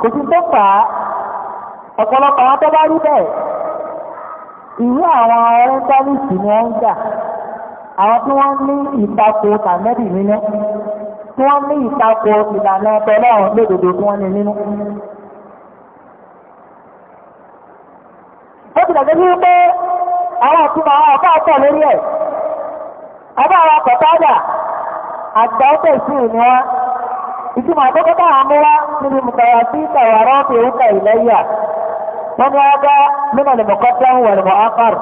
kò sí tó fà ọ̀pọ̀lọpọ̀ àwọn tó bá rí bẹ́ẹ̀ ìwé àwọn ọ̀rẹ́ńtálìsì ni wọ́n ń gbà àwọn tí wọ́n ní ìtakò tàmẹ́bì nínú tí wọ́n ní ìtakò ìlànà ọ̀pẹ̀lẹ̀ ọ̀hún lódodo tí wọ́n ní nínú. ó ti dàgbé wípé àwọn àtúmọ̀ àwọn àbá àtọ̀ lórí ẹ̀ àbá àwọn àpọ̀tádà àgbà ọ̀tọ̀ ìsìn ìní wa ìtumọ̀ àkọ́kọ́ táwọn amúwá níbi mùkàrà sí ìtàwárọ̀ ọ̀fẹ́ òkà ìlẹ́yà wọ́n ní ọgá nínú ìlẹ̀mọ̀kọ́ tí wọ́n wọ̀lẹ̀mọ̀ áfàr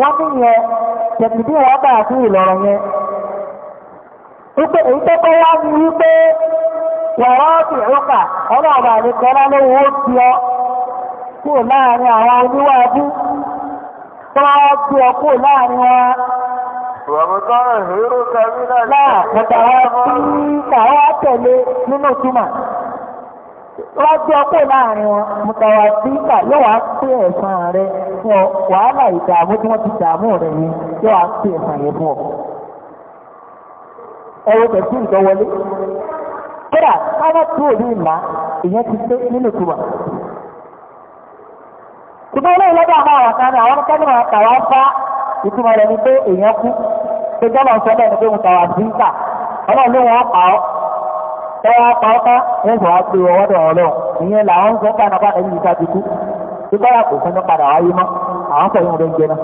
wọ́n ní yẹn tẹ̀sídì wọ́n bá àti ìlọrin yẹn wípé èyí tó kọ́ wá ní wípé wọ̀rọ̀ ọ̀fẹ́ òkà ọlọ́ọ̀bà àlekọ́lá lówó ó ti ọ kúrò láàrin àwọn oníwàbú tọ́jú ọkọ̀ láàrin wọn. Wàmùtọ́ ìhérò kàmínà láàpọ̀tà wá tẹ̀lé nínú túmọ̀. Tọ́jú ọkọ̀ láàrin wọn, mùtàwà sí kà yóò wá pé ẹ̀san rẹ fún ọ, wàhálà ìdààmú tí wọ́n ti dààmú rẹ̀ yìí yóò wá pé ẹ̀san yẹn fún ọ. Ẹ̀rọ tẹ̀sí ìtọ́wọlé. Kódà, ká má ṣùgbọ́n ilé ìlọ́dọ̀ kan ní àwọn máa ni pé èèyàn kú pé jọ́lọ̀ ń ni pé mo tàwa sí kà ọlọ́run ló wọ́n pa ọ́ tẹ́ wọ́n pa ọ́ tán wọ́n sì wá gbé ọwọ́ dọ̀ ọlọ́run ìyẹn làwọn ń sọ pé àná bàtà yìí sáà ti kú ṣùgbọ́n yà kò sẹ́ni padà wáyé mọ́ àwọn sọ yóò lóúnjẹ náà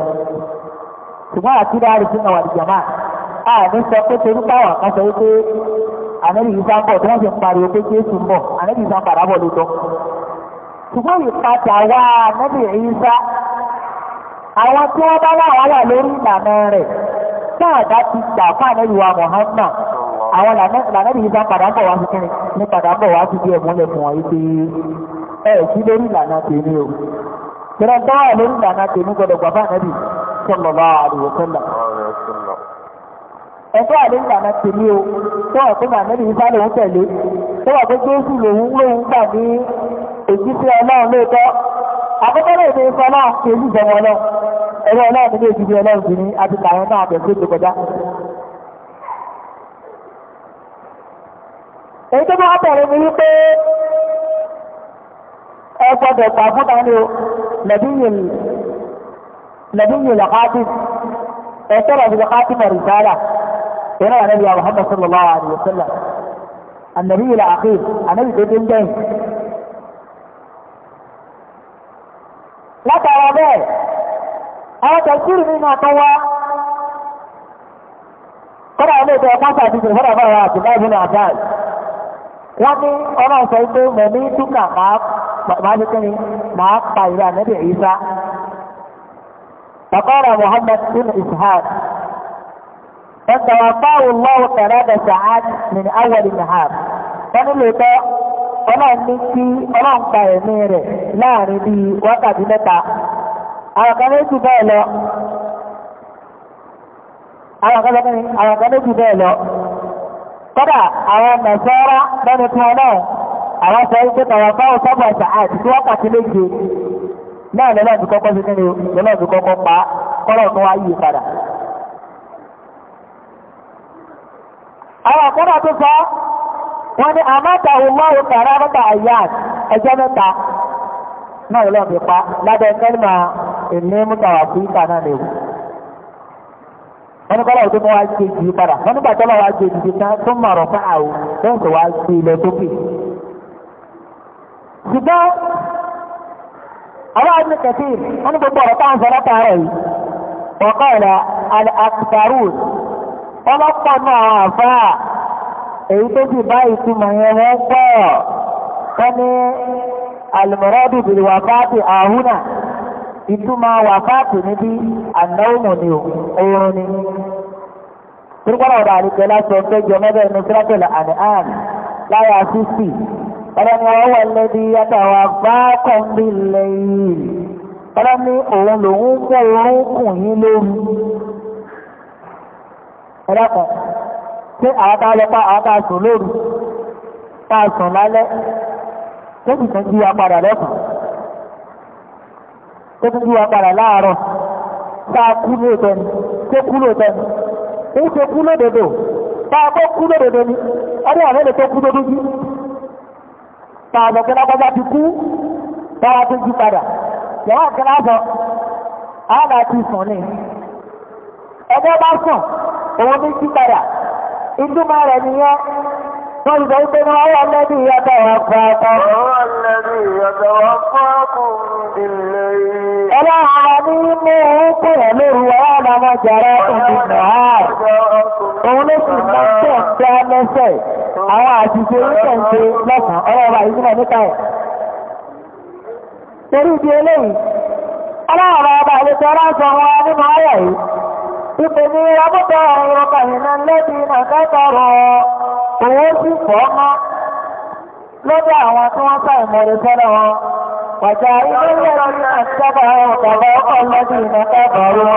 ṣùgbọ́n àti dáàrí sí náà wà ní jàmáà a ní sọ pé torí báwọn kan sọ wípé ànẹ́lì yìí ṣùgbọ́n ìpadà wá Ànábì Ìsá àwọn tí wọ́n bá wà wà lórí ìlànà rẹ̀ náà bá ti gbà fún Ànábì wa Muhammad àwọn lànàbì Ìsá padà ń bọ̀ wá sí kí ní padà ń bọ̀ wá sí bí ẹ̀múlẹ̀ fún wọn ibi ẹ̀ sí lórí ìlànà tèmi o. Ìrọ̀dá lórí ìlànà tèmi gbọdọ̀ gbà fún Ànábì sallallahu ẹ̀fọ́ àdéhùnmàna tèmi o tó wà pé màmẹ́lì ìfá lòun tẹ̀lé tó wà pé jésù lòun lòun gbà ní òjíṣẹ́ ọlọ́run lóòótọ́ àkọ́kọ́ lè ní náà kí èyí ọlọ́run ẹ̀rọ ọlọ́run nílé ọlọ́run sí ní náà tó kọjá. èyí tó máa mi wípé ẹ o lẹ́bí yìí lọ́kàtì ẹ̀ tọ́lọ̀ lọ́kàtì yana da nabi Muhammad sallallahu alaihi wasallam annabi ila akhir annabi tó dín dẹ́yìn. látara bẹ́ẹ̀ àwọn tẹ̀síìrì nínú ọ̀tọ́ wá kọ́dà ilé ìtọ́ pátá àti ìṣẹ̀lẹ̀ fọ́dà fọ́dà àti báyìí nínú àbáyì wọ́n ní ọmọ sọ pé mẹ̀mí dúkà máa ṣe kíni máa pa ìlú ànẹ́bì ìsá. Bàbá Muhammad bin Ishaq فتوفاه الله ثلاث ساعات من أول النهار فنلو تو ọlọ́run ní kí ọlọ́run pa ẹ̀mí rẹ̀ láàrin bí wákàtí mẹ́ta àwàkà méjì bẹ́ẹ̀ lọ àwàkà méjì bẹ́ẹ̀ lọ kọ́dà àwọn mẹ̀sọ́rá lẹ́nu tí wọn náà àwọn sọ wípé tàwọn fáwọn sábà sàáàtì tí wákàtí méje náà lọ́lọ́dún kọ́kọ́ sí nínú lọ́lọ́dún kọ́kọ́ pa kọ́lọ́dún wáyé padà àwọn àkọ́dà tó sọ wọ́n ní ta òmọ́wò tààrà mọ́ta àyà ẹjọ́ mẹ́ta náà lọ́wọ́ fi pa lábẹ́ kẹ́lìmà ìní mútàwà fún ìta náà wọ́n ní kọ́lá òtún wá ṣe jù padà wọ́n nígbà ṣe jù tán tó mọ̀rọ̀ fún àwò ilẹ̀ sókè. ṣùgbọ́n àwọn wọ́n gbogbo ọ̀rọ̀ sọ yìí ọlọ́pọ̀ náà àfà èyí tó ti bá ìtumọ̀ yẹn wọ́n pọ̀ tọ́ni alìmọ̀rọ́dù bìrì wàfáàtì àhúnà ìtumọ̀ wàfáàtì níbi ànáwùmọ̀ ni oorun ni turkwana ọ̀dà àríkẹ́ láti ọ̀fẹ́ jẹ mẹ́bẹ̀ inú sírákẹ̀lẹ̀ àní àn láyà sísì ọlọ́ni ọwọ́ lẹ́bí yàtàwà bá kọ́ńbí lẹ́yìn ọlọ́ni òun lòun kún orúnkùn yín lóru a pé àwátá lọ́pá àwátá sùn lóru táà sùn lálẹ́ tó sì tún jí wa padà lẹ́kùn tó tún jí wa padà láàárọ̀ táà kú lóòtọ́ ni tó kú lóòtọ́ ni èyí tó kú lódodo a tó kú lódodo ni ọdún àwọn èlò tó kú lódodo jí táà lọ́pẹ́ lápájá ti kú táà tó jí padà yàrá kẹlá sọ àwọn àti sùn ni ẹgbẹ́ bá sùn òun ní sí padà ìtumọ̀ rẹ̀ nìyẹn wọ́n ti sọ wípé ní wọ́n wà lẹ́bí ìyàtọ̀ wọn fún ọkọ̀. wọ́n lẹ́bí ìyàtọ̀ wọn fún ọkọ̀ ìdílé. ọlọ́run ọba ní mú òun kò yẹ lóru ọwọ́ ọba ọmọ jàrá ọkùnrin náà. òun ló sì mọ tó ń tẹ́ lẹ́sẹ̀ àwọn àṣìṣe oríṣẹ́ ń ṣe lọ́sàn-án ọwọ́ ọba yìí nílẹ̀ níta ẹ̀. torí ìdí eléyìí ọlọ́run ọba ọba àlejò ọlọ́sàn wọn nínú ayọ̀ yìí ìpèlè abọ́dọ̀ ọ̀rọ̀ kàìnà lẹ́bi nàkátàrọ̀ owó sì fọ́ lọ́dọ̀ àwọn tí wọ́n sá ìmọ̀rẹ̀ sọ́dọ̀ wọn. Wàjà ilé ìlẹ̀ ní àtẹ́bà ọ̀tàbà ọkọ̀ lọ́dọ̀ ìnàkátàrọ̀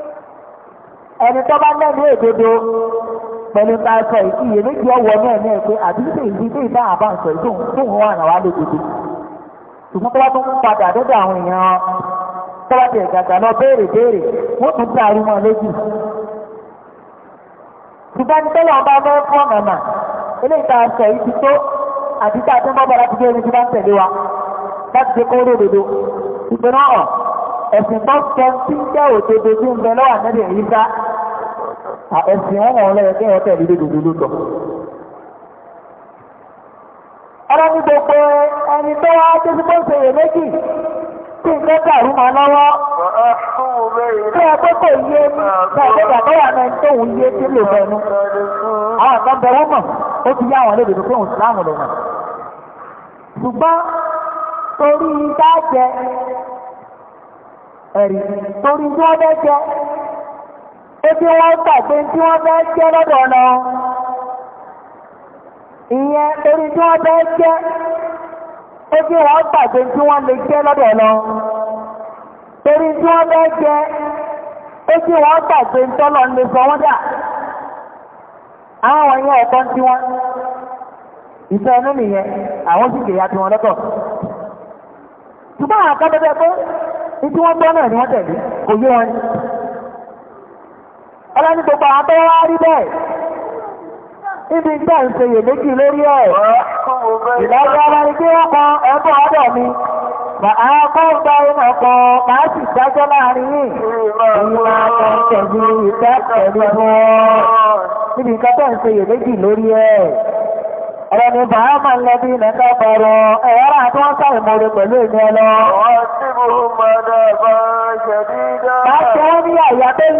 ẹni tó bá lẹ́nu òdodo pẹ̀lú ta ẹ̀kọ́ ìkí iyèméjì ọwọ́ náà ní ẹ̀kẹ́ àti ní ìdí ní ìdá àbáǹsọ̀ tó ń wà náà lódodo ṣùgbọ́n tó bá tún padà dọ́dọ̀ àwọn èèyàn tó bá tiẹ̀ gàgà lọ béèrè béèrè wọ́n tún dá àrùn wọn lójú ṣùgbọ́n tẹ́lẹ̀ ọba mọ́ fún ọ̀nàmà eléyìí tá a sọ yìí ti tó àti tá a tún ẹni tí bá ń tẹ̀lé wa láti ṣe kóró òdodo ìgbéná ọ̀ ẹ̀sìn tó sọ jẹ́ òdodo tí ń bẹ lọ́wọ́ àtẹ́lẹ̀ yìí ẹ̀sìn ọ̀rọ̀ ọlọ́yẹ kí wọ́n tẹ̀lé lódodo lótọ́. ọ̀rọ̀ ní gbogbo ẹni tó wá tó sí bóṣe rè méjì tí nǹkan dàrú mọ́ lọ́wọ́ tí ẹ pé kò yé mi náà pé bàbá wà náà tó ń yé tí lè bẹnu. àwọn kan bẹ mọ̀ ó ti yá àwọn lódodo pé òun sì láàmù ṣùgbọ́n torí dájẹ ẹ̀rí torí tí ebi wọ́n pàdé tí wọn bá lọdọ lọ ìyẹn tí wọ́n bá jẹ́ ebi wọ́n pàdé tí wọn lè jẹ́ lọdọ lọ tí ebi pàdé lè sọ dà àwọn tí ẹnu nìyẹn àwọn sì tí àwọn pé gbọ́ náà ọlọ́ni gbogbo àwọn tó wá rí bẹ́ẹ̀ níbi ìgbà ń ṣe yèméjì lórí ẹ̀ ìlọ́jọ́ ọlọ́ni kí wọ́n kan ẹ̀bùn ọ̀dọ̀ mi Màá kọ́ gba iná kan, màá sì dájọ́ láàrin yìí. Ìlà àtẹ̀jú ìfẹ́ pẹ̀lú wọn. Níbi nǹkan tó ń ṣe yèméjì lórí ẹ̀. Ọ̀rọ̀ ni bàá máa ń lọ bí ilẹ̀ ńlá bọ̀rọ̀. Ẹ̀rọ àti wọ́n pẹ̀lú èmi ọlọ. Wọ́n ti mú mọ́dà bá Bá ṣe wọ́n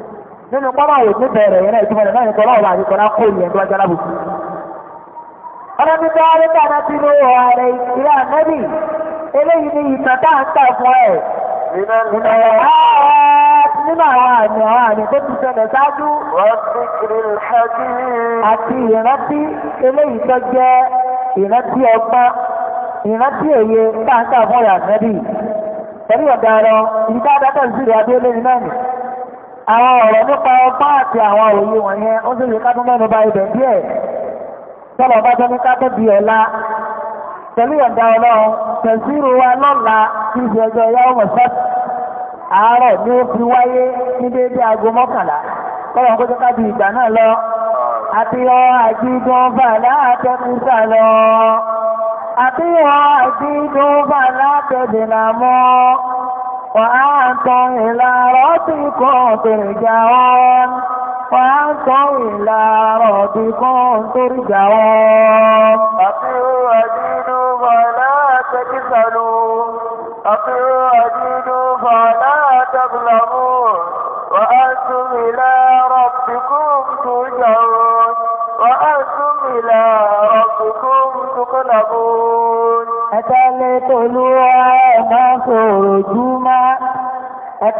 nínú pápá àwọn òṣèlú bẹ̀rẹ̀ yẹn náà ìtumọ̀ náà ní kọ́lá ọ̀la àyíkọ́ náà kó ìyẹn tó wájú alábòsí. ọlọ́ni tó wá lẹ́tà náà ti lo ààrẹ nẹ́bì eléyìí ni ìtàn tá à ń tà fún ẹ̀. nínú àwọn àmì àwọn àmì tó ti ṣẹlẹ̀ ṣáájú. àti ìrántí eléyìí tó jẹ́ ìrántí ọgbọ́n ìrántí èyí tá à ń tà fún ẹ̀ àtẹ́bì. pẹ̀lú ọ̀dà àwọn ọ̀rọ̀ nípa ọgbà àti àwọn òye wọ̀nyẹn ó sì yẹ ká mẹ́nu bà ibẹ̀ díẹ̀ tọ́lọ̀ bá jẹ́ ní ká tó di ọ̀la pẹ̀lú ìyọ̀ǹda ọlọ́run tẹ̀síru wa lọ́la kí ìṣe ẹjọ́ ìyá ọmọ sọ́ọ̀tì àárọ̀ ni ó fi wáyé ní déédéé aago mọ́kànlá tọ́lọ̀ kó jẹ́ ká ìgbà náà lọ àti ọ àjídùn bàlá àtẹnusà lọ àti ọ àjídùn bàlá àtẹnusà mọ́. وأنتم إلى ربكم ترجعون وأنتم إلى ربكم ترجعون أقروا أدينوا ولا تجسلوا أقروا أدينوا ولا تظلموا وأنتم إلى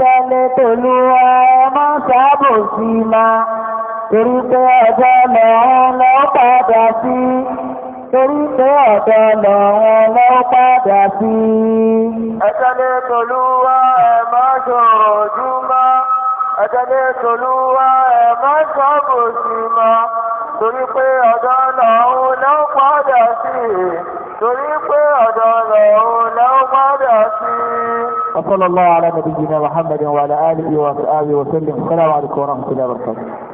tẹ́lẹ̀ tòlú ọmọ sábò sí ma torí pé ọjọ́ lọ́wọ́ lọ́ padà sí torí pé ọ̀dọ̀ lọ́wọ́ lọ́ padà sí. ẹ̀tẹ́lẹ̀ tòlú wá ẹ̀ sí ma وصلى الله على نبينا محمد وعلى اله وصحبه وسلم السلام عليكم ورحمه الله وبركاته